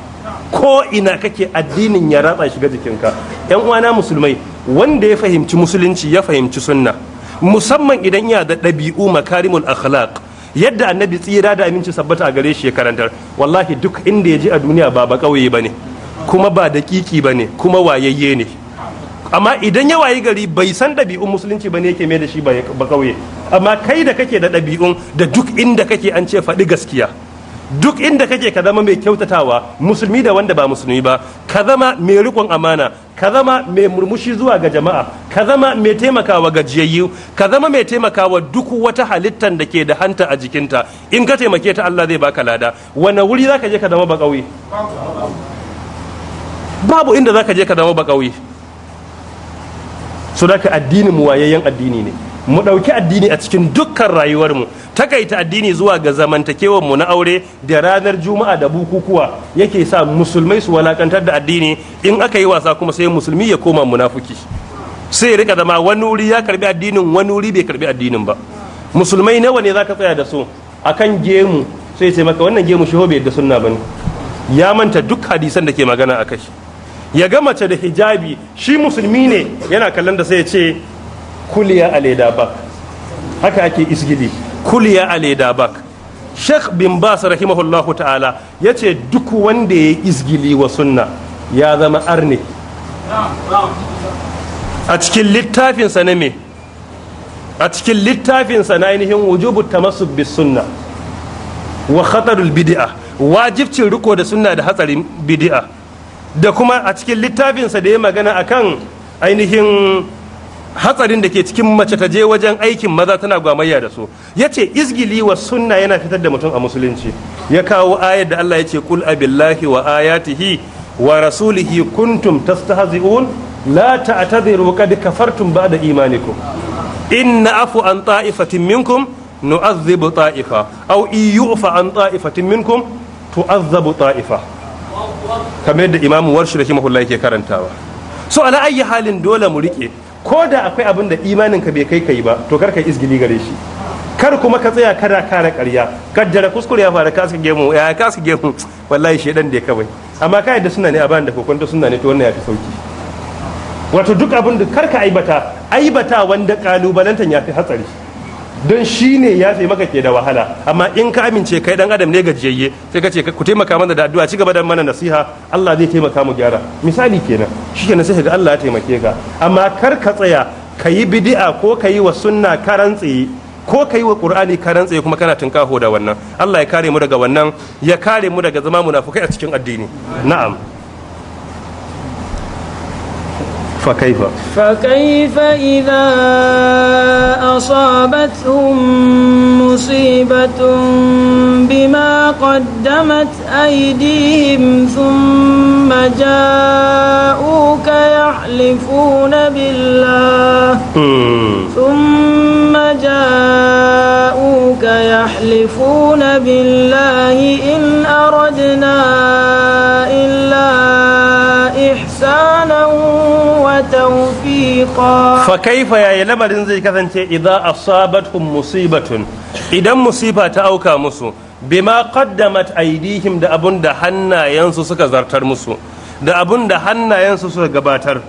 ko ina kake addinin ya ratsa shiga jikinka yan uwana musulmai wanda ya fahimci musulunci ya fahimci sunna musamman idan ya da ɗabi'u makarimul akhlaq yadda annabi tsira da amincin sabbata a gare shi ya karantar wallahi duk inda ya je a duniya ba ba kauye ne kuma ba ba ne kuma wayayye ne amma idan ya wayi gari bai san ɗabi'un musulunci ba ne yake mai da shi ba kauye amma kai da kake da ɗabi'un da duk inda kake an ce faɗi gaskiya duk inda kake ka zama mai kyautatawa musulmi da wanda ba musulmi ba ka zama mai rikon amana ka zama mai murmushi zuwa ga jama'a ka zama mai taimakawa gajiyayyu ka zama mai taimakawa duk wata halittar da ke da hanta a jikinta in ka taimake ta Allah zai baka lada wani wuri za ka je ka zama ba babu inda za ka je ka zama ba da ka addinin mu wayayyen addini ne mu ɗauki addini a cikin dukkan rayuwarmu takaita addini zuwa ga zamantakewarmu na aure da ranar juma'a da bukukuwa yake sa musulmai su walakantar da addini in aka yi wasa kuma sai musulmi ya koma munafuki sai rika zama wani wuri ya karbi addinin wani wuri bai karbi addinin ba musulmai nawa ne zaka tsaya da su akan gemu sai ce maka wannan gemu shi hobe da sunna bane ya manta duk hadisan da ke magana akai ya ga mace da hijabi shi musulmi ne yana kallon da sai ya ce kuliya a leda bak haka ake isgidi kuliya a leda bak sheikh bin bas rahimahullahu ta'ala ya ce duk wanda ya isgili wa sunna ya zama arne a cikin littafinsa na me a cikin littafinsa na ainihin wujubu tamassuk bis sunna wa khatarul bid'a wajibcin riko da sunna da hatsarin bidi'a da kuma a cikin littafinsa da ya magana akan ainihin hatsarin da ke cikin mace ta je wajen aikin maza tana gwamayya da su ya ce izgili wa sunna yana fitar da mutum a musulunci ya kawo ayar da Allah ya ce kul abillahi wa ayatihi wa rasulihi kuntum tastahzi'un la ta'tadiru qad kafartum ba'da imanikum in afu an ta'ifatin minkum bu ta'ifa aw ufa an ta'ifatin minkum tu'azzabu ta'ifa kamar yadda imamu warshi rahimahullah ke karantawa so ala ayyi halin dole mu riƙe. ko da akwai abin da imanin ka bai kai kai ba to kar ka izgili gare shi kar kuma ka tsaya kada kare karya kaddara kuskure ya fara kasu gemu ya kasu gemu wallahi shedan da kawai amma kai da suna ne a da kokonta suna ne to wannan ya fi sauki wato duk abin da kar ka aibata aibata wanda kalubalantan ya fi hatsari don shi ne ya fi maka ke da wahala amma in ka amince kai dan adam ne gajiyayye sai ka ce ku taimaka mana da addu'a ci gaba da mana nasiha Allah zai taimaka mu gyara misali kenan shi ke sai ga Allah ya taimake ka amma kar ka tsaya ka yi bid'a ko ka yi wa sunna karan tsaye ko ka yi wa qur'ani karan tsaye kuma kana tunkaho da wannan Allah ya kare mu daga wannan ya kare mu daga zama munafukai a cikin addini na'am فكيف فكيف إذا أصابتهم مصيبة بما قدمت أيديهم ثم جاءوك يحلفون بالله ثم جاءوك يحلفون بالله إن أردنا fa kaifa yayi lamarin zai kasance idza asabatuhum musibatun idan musiba ta auka musu bima qaddamat aydihim da abun da hannayensu suka zartar musu da abun da hannayensu suka gabatar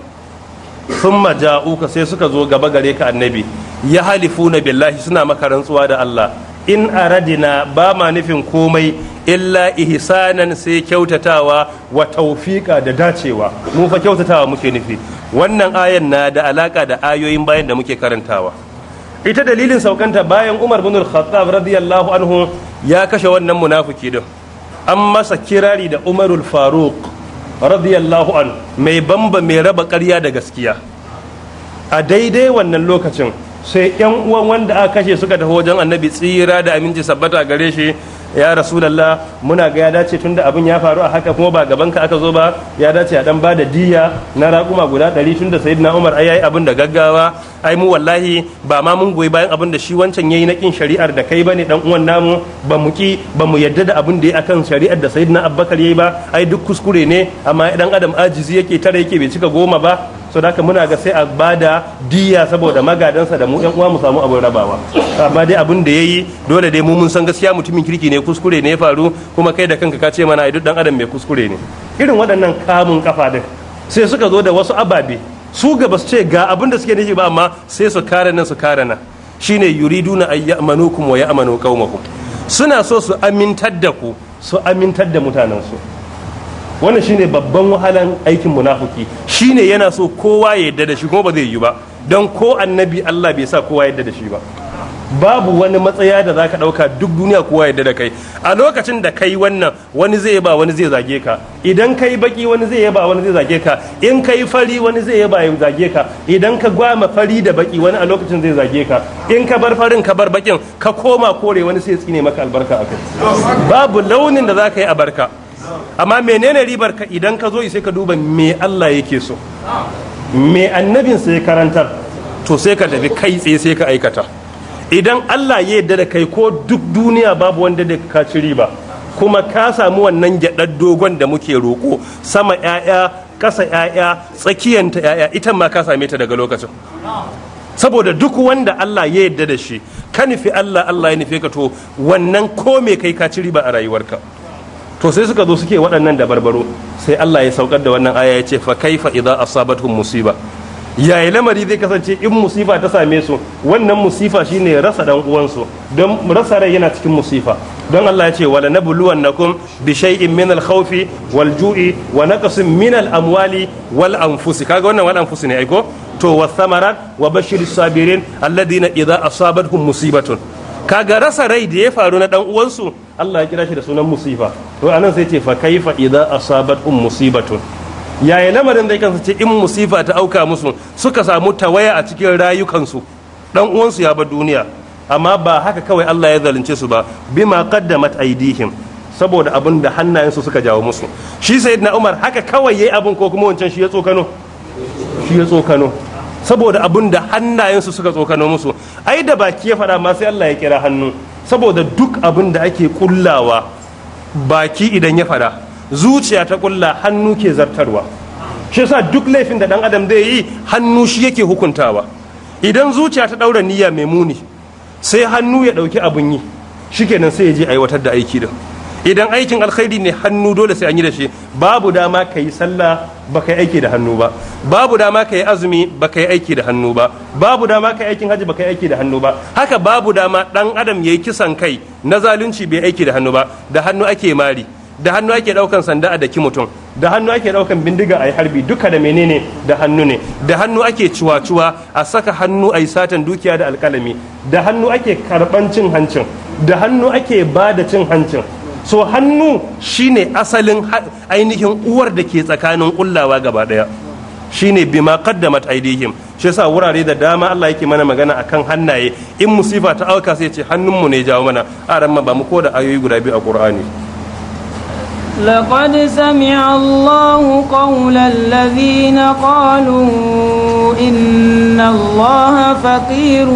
thumma ja'uka sai suka zo gaba gare ka annabi ya halifuna billahi suna maka rantsuwa da Allah in aradina ba ma nufin komai illa ihsanan sai kyautatawa wa taufiqa da dacewa mu fa kyautatawa muke nufi wannan ayan na da alaka da ayoyin bayan da muke karantawa ita dalilin saukanta bayan Umar bin Al-Khattab radiyallahu anhu ya kashe wannan munafiki din an masa kirari da Umarul Faruq radiyallahu anhu mai bamba mai raba ƙarya da gaskiya a daidai wannan lokacin sai yan uwan wanda aka kashe suka tafi wajen annabi tsira da aminci sabbata gare shi ya rasulallah muna ga ya dace tunda abin ya faru a haka kuma ba gaban ka aka zo ba ya dace a dan bada diyya na raƙuma guda ɗari tunda sayyidina umar ai yayi abin da gaggawa ai mu wallahi ba ma mun goyi bayan abin da shi wancan yayi na kin shari'ar da kai bane dan uwan namu ba mu ki ba mu yadda da abin da ya akan shari'ar da sayyidina abubakar yayi ba ai duk kuskure ne amma dan adam ajizi yake tare yake bai cika goma ba so da muna ga sai a bada diya saboda magadansa da mu yan uwa mu samu abin rabawa amma dai abin da yayi dole dai mu mun san gaskiya mutumin kirki ne kuskure ne ya faru kuma kai da kanka ka ce mana ai duk dan adam mai kuskure ne irin waɗannan kamun kafa din sai suka zo da wasu ababe su gaba su ce ga abin da suke nufi ba amma sai su kare nan su kare nan shine yuriduna ayyamanukum wa ya'manu qaumakum suna so su amintar da ku su amintar da mutanensu wannan shine babban wahalan aikin munafiki shine yana so kowa ya yadda da shi kuma ba zai yi ba don ko annabi Allah bai sa kowa yadda da shi ba babu wani matsaya da zaka dauka duk duniya kowa yadda da kai a lokacin da kai wannan wani zai ba wani zai zage ka idan kai baki wani zai yaba wani zai zage ka in kai fari wani zai yaba ya zage ka idan ka gwama fari da baki wani a lokacin zai zage ka in ka bar farin ka bar bakin ka koma kore wani sai ya tsine maka albarka akai babu launin da zaka yi a barka amma menene ribar ka idan ka zo sai ka duba me Allah yake so me annabin sai karantar to sai ka tafi kai tsaye sai ka aikata idan Allah ya yarda da kai ko duk duniya babu wanda da ka ci riba kuma ka samu wannan gyaɗar dogon da muke roƙo sama 'ya'ya ƙasa 'ya'ya tsakiyanta 'ya'ya ita ma ka same ta daga lokacin saboda duk wanda Allah ya yarda da shi ka nufi Allah Allah ya nufe ka to wannan ko me kai ka ci riba a rayuwarka to sai suka zo suke waɗannan da barbaro sai Allah ya saukar da wannan aya ya ce fa kaifa idza asabatuhum musiba yayi lamari zai kasance in musifa ta same su wannan musifa shine rasa dan uwansu don rasa rai yana cikin musifa don Allah ya ce wala nabluwannakum bi shay'in min al-khawfi wal ju'i wa naqsin min al-amwali wal anfusi kaga wannan wal anfusi ne aiko to samarat wa bashir sabirin alladina idza asabatuhum musibatun kaga rasa rai da ya faru na dan uwansu Allah ya kira shi da sunan musifa to anan sai ce fa kaifa idza asabat um musibatun yaya lamarin da kansu ce in musifa ta auka musu suka samu tawaya a cikin rayukansu dan uwansu ya bar duniya amma ba haka kawai Allah ya zalunce su ba bi bima qaddamat aidihim saboda abin da hannayensu suka jawo musu shi sayyidina Umar haka kawai yayi abin ko kuma wancan shi ya tsokano shi ya tsokano saboda abin da hannayensu suka tsokano musu ai da baki ya faɗa ma sai Allah ya kira hannu saboda duk abin da ake kullawa baki idan ya faɗa zuciya ta kulla hannu ke zartarwa shi yasa duk laifin da dan adam zai yi hannu shi yake hukuntawa idan zuciya ta daura niyya mai muni sai hannu ya dauki abun yi shikenan sai ya je aiwatar da aiki din idan aikin alkhairi ne hannu dole sai an yi da shi babu dama ka yi sallah baka yi aiki da hannu ba babu dama yi azumi baka yi aiki da hannu ba babu dama ka yi aikin haji baka yi aiki da hannu ba haka babu dama dan adam ya yi kisan kai na zalunci bai aiki da hannu ba da hannu ake mari da hannu ake daukan sanda a daki mutum da hannu ake daukan bindiga a harbi duka da menene da hannu ne da hannu ake ciwa-ciwa a saka hannu a yi satan dukiya da alkalami da hannu ake karban cin hancin da hannu ake ba da cin hancin so hannu shine asalin ainihin uwar da ke tsakanin kullawa gaba daya shine bima qaddamat aidihim shi yasa wurare da dama Allah yake mana magana akan hannaye in musifa ta auka sai ce hannunmu ne jawo mana aran ma ba mu ko da ayoyi guda biyu a Qur'ani لقد سمع الله قول الذين قالوا إن الله فقير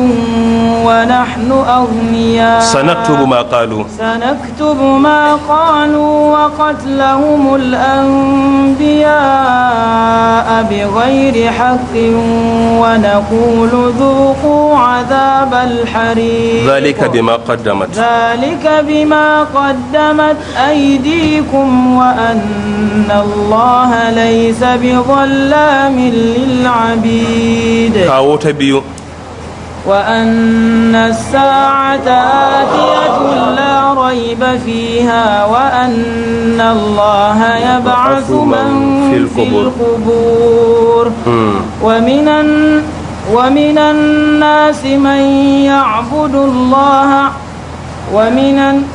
ونحن أغنياء سنكتب ما قالوا سنكتب ما قالوا وقتلهم الأنبياء بغير حق ونقول ذوقوا عذاب الحريق ذلك بما قدمت ذلك بما قدمت أيديكم لكم وأن الله ليس بظلام للعبيد أو تبيو وأن الساعة آتية لا ريب فيها وأن الله يبعث من في القبور, ومن ومن الناس من يعبد الله ومن الناس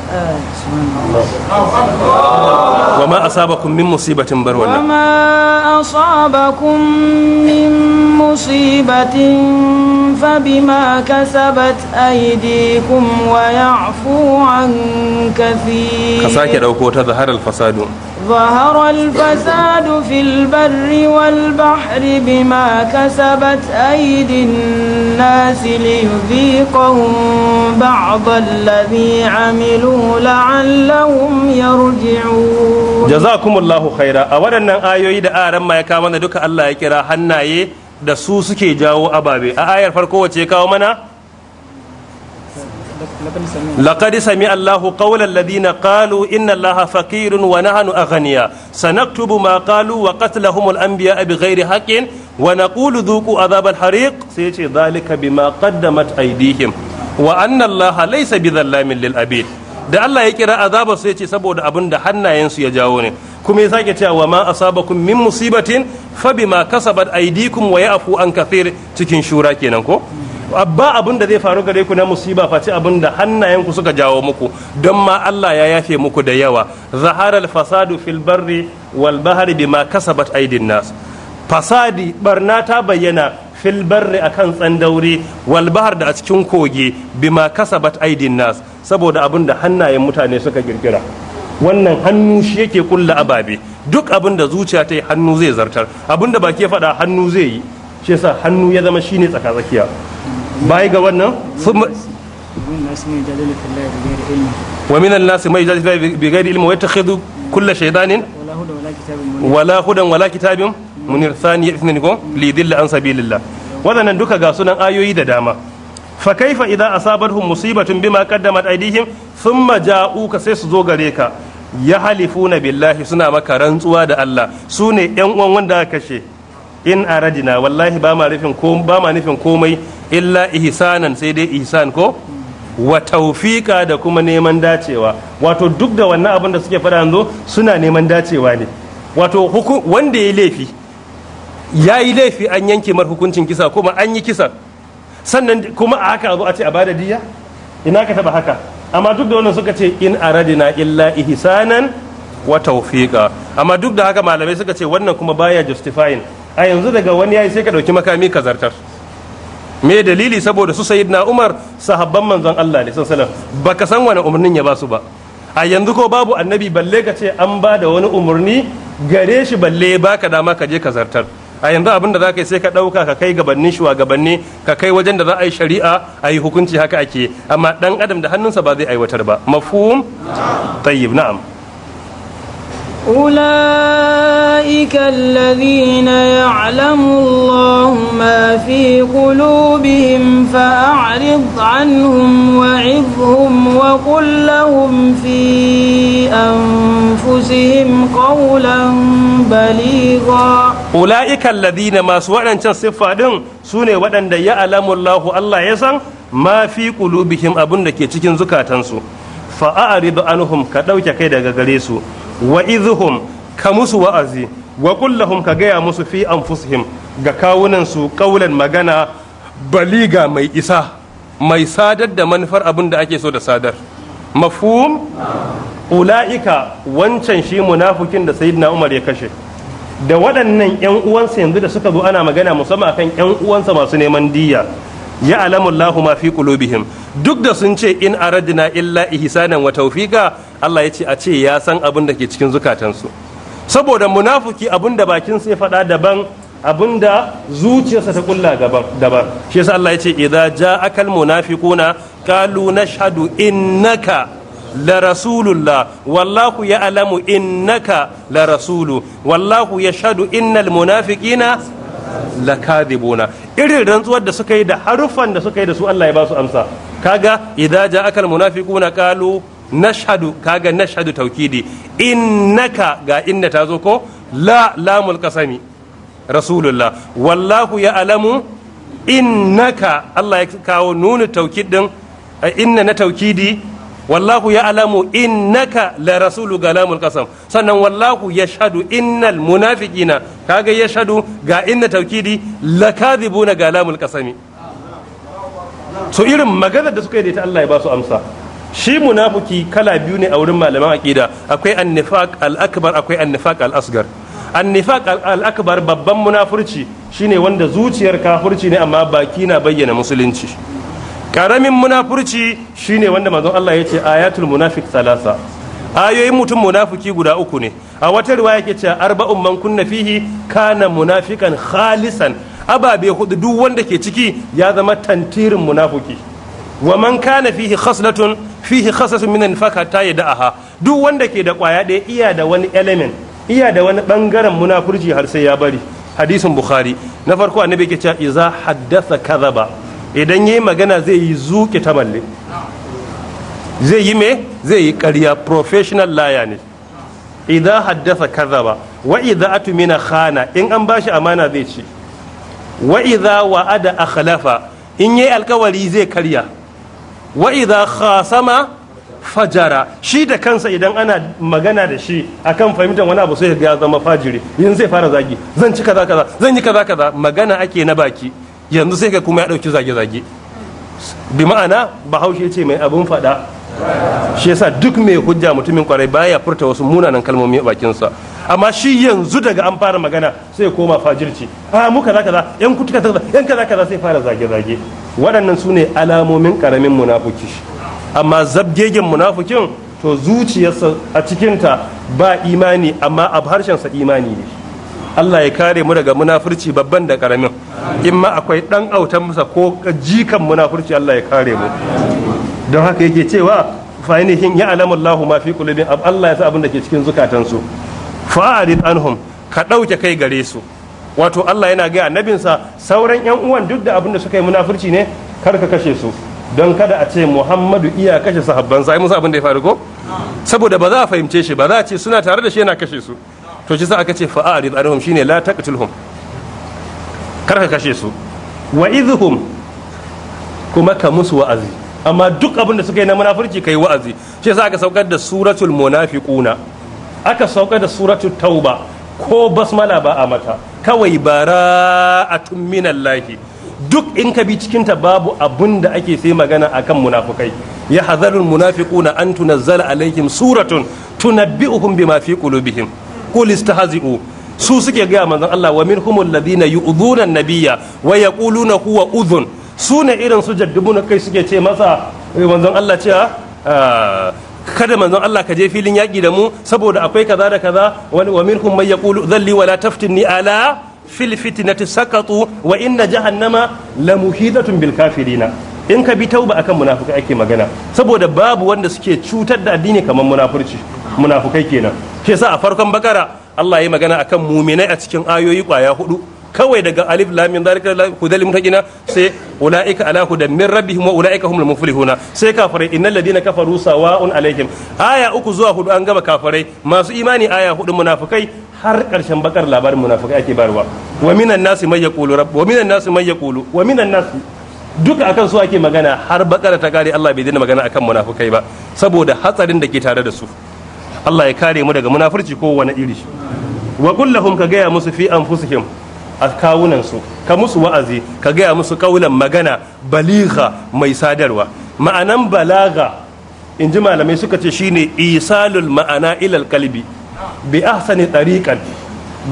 وما أصابكم من مصيبة بر وما أصابكم من مصيبة فبما كسبت أيديكم ويعفو عن كثير كساك لو كنت ظهر الفساد ظهر الفساد في البر والبحر بما كسبت أيدي الناس ليذيقهم بعض الذي عملوا لعلهم يرجعون جزاكم الله خيرا أولا آيوي دا آرم ما يكامن دوك الله يكرا حنايه da su suke jawo ababe a ayar farko wace kawo mana لقد سمع الله قول الذين قالوا إن الله فقير ونحن أغنياء سنكتب ما قالوا وقتلهم الأنبياء بغير حق ونقول ذوقوا عذاب الحريق سيجي ذلك بما قدمت أيديهم وأن الله ليس بظلام للأبيد da Allah ya kira azaba sai ce saboda abin da hannayensu ya jawo ne kuma ya sake cewa ma asabakum min musibatin fa bima kasabat aydikum wa ya'fu an cikin shura kenan ko ba abin da zai faru gare ku na musiba face abin da hannayenku suka jawo muku don ma Allah ya yafe muku da yawa zaharar fasadu fil barri wal bahri bima kasabat aidin nas fasadi barna ta bayyana fil barri akan tsandauri wal bahar da a cikin kogi bima kasabat aidin nas saboda abin da hannayen mutane suka girgira wannan hannu shi yake kulla ababe duk abin da zuciya ta yi hannu zai zartar abin da baki ya faɗa hannu zai yi shi yasa hannu ya zama shine tsaka tsakiya bayi ga wannan wa minan nasi mai jadalika bi ghairi ilmi wa yattakhidhu kulla shaytanin wala hudan wala kitabin munir thani ithnin ko li dhilla an sabilillah wadannan duka ga sunan ayoyi da dama fa kaifa idza asabatuhum musibatun bima qaddamat aydihim thumma ja'uka sai su zo gare ka ya halifuna billahi suna maka rantsuwa da Allah sune yan uwan wanda aka kashe in aradina wallahi ba ma nufin komai illa ihsanan sai dai ihsan ko wa tawfiqa da kuma neman dacewa wato duk da wannan abin da suke faɗa yanzu suna neman dacewa ne wato wanda ya laifi ya yi laifi an yanke mar hukuncin kisa kuma an yi kisa. sannan kuma a haka zo a ce a bada diya ina ka taba haka amma duk da wannan suka ce in aradina illa ihsanan wa tawfiqa amma duk da haka malamai suka ce wannan kuma baya justifying a yanzu daga wani yayi sai ka dauki makami ka zartar me dalili saboda su sayid na umar sahabban manzon Allah ne ba ka san wani umarnin ya ba su ba a yanzu ko babu annabi balle ka ce an ba da wani umarni gare shi balle baka dama ka je ka zartar a yanzu abin da za ka yi sai ka ɗauka ka kai gabanin shugabanni ka kai wajen da za a yi shari'a a yi hukunci haka ake amma ɗan adam da hannunsa ba zai aiwatar ba mafhum tayyib na'am أولئك الذين يعلم الله ما في قلوبهم فأعرض عنهم وعظهم وقل لهم في أنفسهم قولا بليغا أولئك الذين ما سوى أن تصفى سوني ودن يعلم الله الله يسان ma fi qulubihim abun da ke cikin zukatansu fa a'rid anhum ka dauke kai daga gare su wa izuhum ka musu wa'azi wa kullahum ka gaya musu fi anfusihim ga kawunansu su kaulan magana baliga mai isa mai sadar da manufar abin da ake so da sadar mafhum ula'ika wancan shi munafukin da sayyidina umar ya kashe da waɗannan 'yan uwansa yanzu da suka zo ana magana musamman akan 'yan uwansa masu neman diya ya alamun Allahu ma fi duk da sun ce in radina illa ihsanan wa tawfiqa Allah ya ce a ce ya san abin da ke cikin zukatansu saboda munafuki abin da bakin sai faɗa daban abin da zuciyarsa ta kulla daban shi yasa Allah ya ce idza Kalu na qalu nashhadu innaka la rasulullah wallahu ya'lamu innaka la rasulu wallahu yashhadu innal munafiqina lakadibuna irin rantsuwar da suka yi da harufan da suka yi da su Allah ya ba su amsa kaga idza ja'akal munafukuna Kalu. nashhadu kaga nashhadu taukidi innaka ga inna ta zo ko la lamul qasami rasulullah wallahu ya alamu innaka Allah ya kawo nunu tawkid din eh, inna na taukidi wallahu ya alamu innaka la rasulu ga lamul sannan wallahu yashhadu innal munafiqina kaga yashhadu ga inna tawkidi lakadibuna ga lamul qasami to irin maganar da suka yi da ita Allah ya ba su amsa shi munafuki kala biyu ne a wurin malaman aqida akwai annifaq al-akbar akwai annifaq al asghar annifaq al-akbar babban munafurci shine wanda zuciyar kafurci ne amma baki na bayyana musulunci karamin munafurci shine wanda manzon Allah ya ce ayatul munafiq salasa ayoyin mutum munafiki guda uku ne a wata riwaya yake cewa arba'un man kunna fihi kana munafikan khalisan ababe hudu duk wanda ke ciki ya zama tantirin munafiki wa man kana fihi khaslatun fihi khaslatun min nifaq hatta duk wanda ke da kwaya ɗaya iya da wani element iya da wani bangaren munafurci har sai ya bari hadisin bukhari na farko annabi yake cewa iza haddatha kadhaba idan yayi magana zai yi zuke ta malle zai yi me zai yi ƙarya professional liar ne idza haddatha kadhaba wa idza atmina khana in an bashi amana zai ci wa idza wa'ada akhlafa in yayi alkawari zai karya wa idza khasama fajara shi da kansa idan ana magana da shi akan fahimtar wani abu sai ya zama fajiri yin zai fara zagi zan ci kaza kaza zan yi kaza kaza magana ake na baki yanzu sai ka kuma ya dauki zage zage bi ma'ana bahaushe ce mai abun fada shi yasa duk mai hujja mutumin kwarai baya furta wasu munanan kalmomi bakin bakinsa amma shi yanzu daga an fara magana sai koma fajirci a ah, mu kaza kaza yan kutuka kaza yan kaza kaza sai fara zage zage waɗannan su ne alamomin ƙaramin munafuki amma zabgegen munafukin to zuciyarsa a cikinta ba imani amma a harshensa imani ne Allah ya kare mu daga munafurci babban da karamin in ma akwai ɗan autan masa ko jikan munafurci Allah ya kare mu don haka yake cewa fa ya alamu Allahu ma fi qulubin Allah ya sa abin da ke cikin zukatansu fa'arid anhum ka ɗauke kai gare su wato Allah yana ga annabinsa sauran yan uwan duk da abin da suka yi munafurci ne kar ka kashe su don kada a ce Muhammadu iya kashe sahabban sai musu abin da ya faru ko saboda ba za a fahimce shi ba za a ce suna tare da shi yana kashe su to shi sa aka ce fa'arid anhum shine la taqtulhum kar ka kashe su wa idhum kuma ka musu wa'azi amma duk abin da suka yi na munafurci kai wa'azi shi sa aka saukar da suratul munafiquna aka saukar da suratul tauba ko basmala ba a mata kawai bara, tumminan lahi duk in ka bi cikinta babu abun da ake sai magana akan munafukai ya munafiku na an tunazzala alaihim suratun bi mafi fi Kulis ta hazi'u su suke gaya manzon Allah wa minhumul ladina yu'dhuna nabiyya wa yaquluna huwa udhun su ne irin su jaddubuna kai suke ce masa eh, manzan Allah ce ah, kada manzon Allah ka je filin yaƙi da mu saboda akwai kaza da kaza wa minhum man yaqulu dhalli wala taftinni ala fil fitnati sakatu wa inna jahannama la muhidatun bil kafirina in ka bi tauba akan munafukai ake magana saboda babu wanda suke cutar da addini kamar munafurci munafukai kenan ke sa a farkon bakara Allah ya magana akan muminai a cikin ayoyi kwaya hudu kawai daga alif lam min zalika hudal mutaqina sai ulaika ala hudan min rabbihim wa ulaika humul muflihuna sai kafirai innal ladina kafaru sawa'un alaihim aya uku zuwa hudu an gaba kafirai masu imani aya hudu munafikai har karshen bakar labarin munafikai ake barwa wa minan nasi may yaqulu rabb wa minan nasi may yaqulu wa minan nasi duka akan su ake magana har bakara ta kare Allah bai daina magana akan munafukai ba saboda hatsarin da ke tare da su Allah ya kare mu daga munafurci ko wani iri wa kullahum ka gaya musu fi anfusihim a kawunansu ka musu wa'azi ka gaya musu kaulan magana baliga mai sadarwa ma'anan balaga in ji malamai suka ce shine isalul ma'ana ilal kalbi bi ahsani tariqan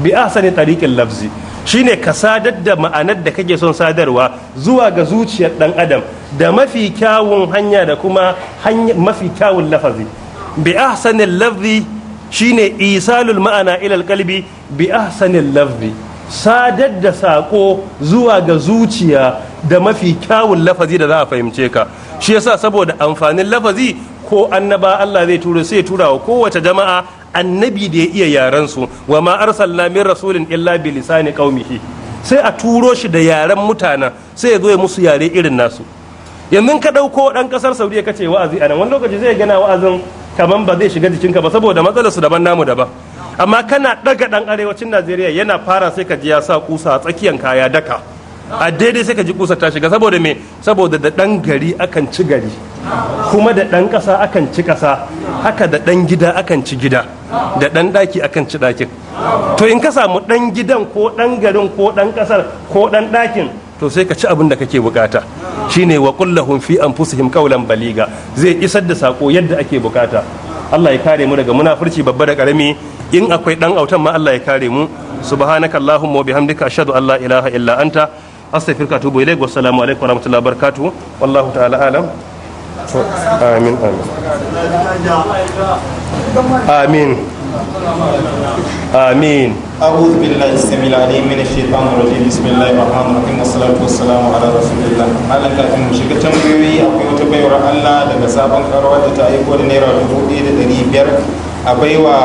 bi ahsani tariqin lafzi shine ka sadar da ma'anar da kake son sadarwa zuwa ga zuciyar dan adam da mafi kyawun hanya da kuma mafi kyawun lafazi bi ahsanil lafzi shine isalul ma'ana ilal kalbi bi ahsanil lafzi sadar da sako zuwa ga zuciya da mafi kyawun lafazi da za a fahimce ka shi yasa saboda amfanin lafazi ko annaba Allah zai tura sai tura wa kowace jama'a annabi da ya iya yaran su wa ma arsalna min rasulin illa bi lisani qaumihi sai a turo shi da yaren mutanen sai ya zo ya musu yare irin nasu yanzu ka ɗauko ɗan ƙasar saudi ka ce wa'azi a nan wani lokaci zai gana wa'azin kaman ba zai shiga jikinka ba saboda matsalar su daban namu daban amma kana daga dan arewacin najeriya yana fara sai ka ji ya sa kusa a tsakiyan kaya daka a daidai sai ka ji kusa ta shiga saboda me saboda da dan gari akan ci gari kuma da dan kasa akan ci kasa haka da dan gida akan ci gida da dan daki akan ci dakin to in ka samu dan gidan ko dan garin ko dan kasar ko dan dakin to sai ka ci abin da kake bukata shine wa kullahum fi anfusihim qawlan baliga zai isar da sako yadda ake bukata Allah ya kare mu daga munafurci babba da karami in akwai dan autan ma Allah ya kare mu subhanaka allahumma wa bihamdika ashhadu an la ilaha illa anta astaghfiruka wa atubu ilaik wa assalamu alaikum wa rahmatullahi wa barakatuh wallahu ta'ala alam amin amin Amin. Amin. بالله السميع العليم من الشيطان الرجيم بسم الله الرحمن الرحيم والصلاة والسلام على رسول الله Allah kafin shiga tambayoyi akwai wata bayar Allah daga sabon karuwar da ta aiko da naira dubu ɗaya da ɗari biyar a baiwa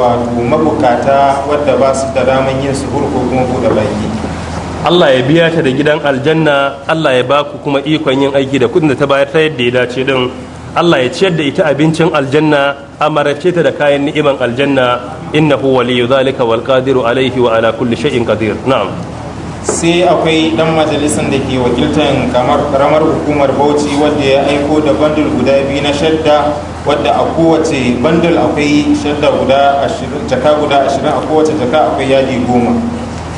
wato mabukata wadda ba su da daman yin suhur ko kuma buɗe baki Allah ya biya ta da gidan aljanna Allah ya baku kuma ikon yin aiki da kudin da ta bayar ta yadda ya dace din Allah ya ciyar da ita abincin aljanna amarace ta da kayan ni'iman aljanna innahu waliyu zalika wal qadiru alaihi wa ala kulli shay'in qadir na'am sai akwai dan majalisar da ke wakiltar kamar karamar hukumar bauchi wadda ya aiko da bandul guda biyu na shadda wadda a kowace bandal akwai shadda guda ashirin jaka guda ashirin a kowace jaka akwai yadi goma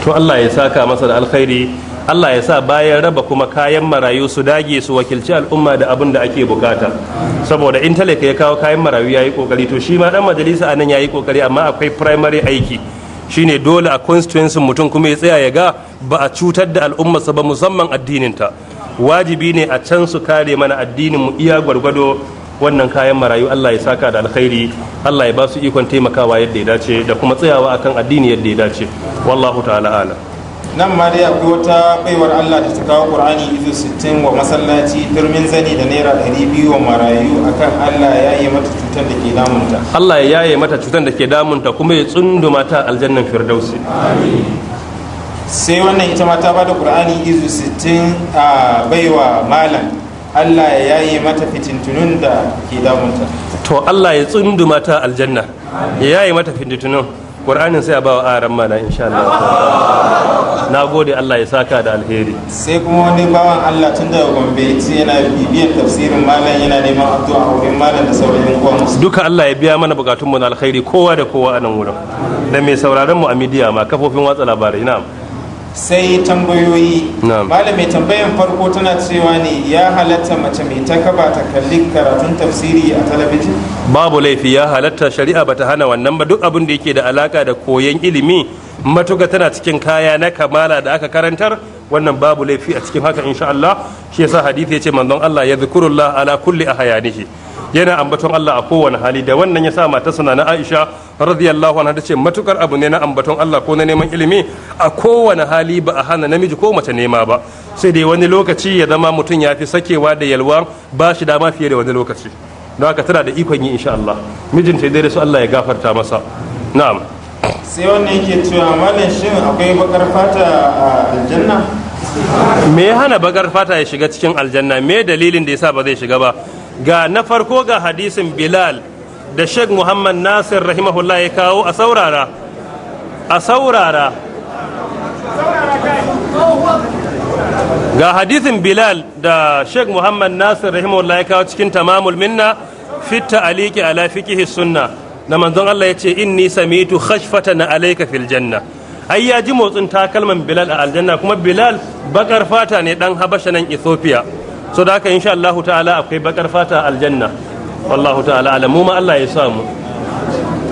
to allah ya saka masa da alkhairi allah ya sa bayan raba kuma kayan marayu su dage su wakilci al'umma da abin da ake bukata saboda in ya kawo kayan marayu ya yi kokari to shi ma dan majalisa a nan ya yi kokari amma akwai primary aiki shine dole a constituency mutum kuma ya tsaya ya ga ba a cutar da al'ummarsa ba musamman addininta wajibi ne a can su kare mana addinin mu iya gwargwado wannan kayan marayu Allah ya saka da alkhairi Allah ya ba su ikon taimakawa yadda ya dace da kuma tsayawa akan addini yadda ya dace wallahu ta'ala ala nan ma dai akwai wata baiwar Allah da ta kawo Qur'ani izu 60 wa masallaci turmin zani da naira 200 wa marayu akan Allah ya yi mata cutar da ke damunta Allah ya yaye mata cutar da ke damunta kuma ya tsunduma ta aljannan firdausi amin sai wannan ita ma ta bada Qur'ani izu 60 a baiwa malam Allah ya yayi mata fitintunun da ke damunta to Allah ya tsunduma ta aljanna ya yayi mata fitintunun Qur'anin sai a bawa aran mana insha Allah na gode Allah ya saka da alheri sai kuma wani bawan Allah tun daga Gombe ce yana bibiyar tafsirin malam yana neman addu'a wurin malam da sauran musu. duka Allah ya biya mana bukatun mu na alheri kowa da kowa a nan wurin da mai sauraron mu a midiya ma kafofin watsa labarai na'am sai tambayoyi malamai tambayan farko tana cewa ne ya halatta mace mai takaba ta kalli karatun tafsiri a talabijin babu laifi ya halatta shari'a bata hana wannan ba duk abin da yake da alaka da koyon ilimi matuka tana cikin kaya na kamala da aka karantar wannan babu laifi a cikin haka insha Allah shi yasa hadisi yace manzon Allah ya zikrullah ala kulli ahyanihi yana ambaton Allah a kowane hali da wannan yasa suna na Aisha radiyallahu anha tace matukar abu ne na ambaton Allah ko na neman ilimi a kowane hali ba a hana namiji ko mace nema ba sai dai wani lokaci ya zama mutum ya fi sakewa da yalwa ba shi dama fiye da wani lokaci don haka tana da ikon yi insha Allah mijinta dai da su Allah ya gafarta masa na'am sai wannan yake cewa malam shin akwai bakar fata a aljanna me ya hana bakar fata ya shiga cikin aljanna me dalilin da yasa ba zai shiga ba ga na farko ga hadisin bilal da sheikh muhammad nasir rahimahullah ya kawo a saurara a saurara ga hadithin bilal da sheikh muhammad nasir rahimahullah ya kawo cikin tamamul minna fitta aliki ala fikihi sunna na manzon Allah ya ce inni samitu khashfata na alaika fil janna ai ya ji motsin takalman bilal a aljanna kuma bilal bakar fata ne dan habasha nan ethiopia so da haka insha Allah ta'ala akwai bakar fata a aljanna wallahu ta'ala alam mu ma Allah ya samu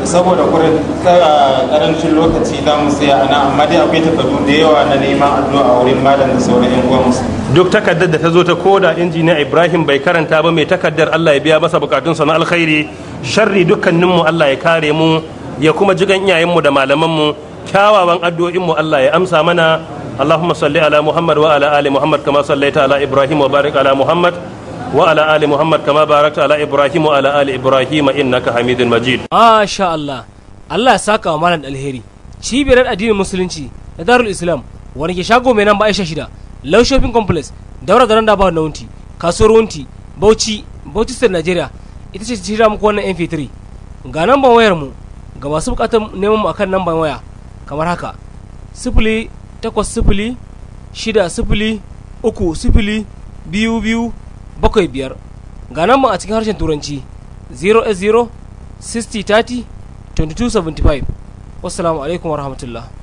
saboda kurin karancin lokaci za mu tsaya a nan amma dai akwai takardu da yawa na neman addu'a wurin malam da sauran yan uwa musu duk takardar da ta zo ta koda injiniya ibrahim bai karanta ba mai takardar allah ya biya masa bukatunsa na alkhairi sharri dukkaninmu allah ya kare mu ya kuma jigan mu da malamanmu kyawawan mu allah ya amsa mana allahumma salli ala muhammad wa ala ali muhammad kama sallaita ala ibrahim wa barik ala muhammad وعلى آل محمد كما باركت على إبراهيم وعلى آل إبراهيم إنك حميد مجيد ما شاء الله الله ساكا ومالا الهيري cibiyar addinin musulunci na darul islam wani ke shago mai namba aisha shida low shopping complex daura da randa ba na wunti kasuwar wunti bauchi bauchi state nigeria ita ce shirya muku wannan mp3 ga namban wayar mu ga masu bukatar neman mu akan namban waya kamar haka sifili takwas sifili shida sifili uku sifili biyu biyu bakwai biyar ga nan a cikin harshen turanci 080 60 30 22 75 wassalamu alaikum rahmatullah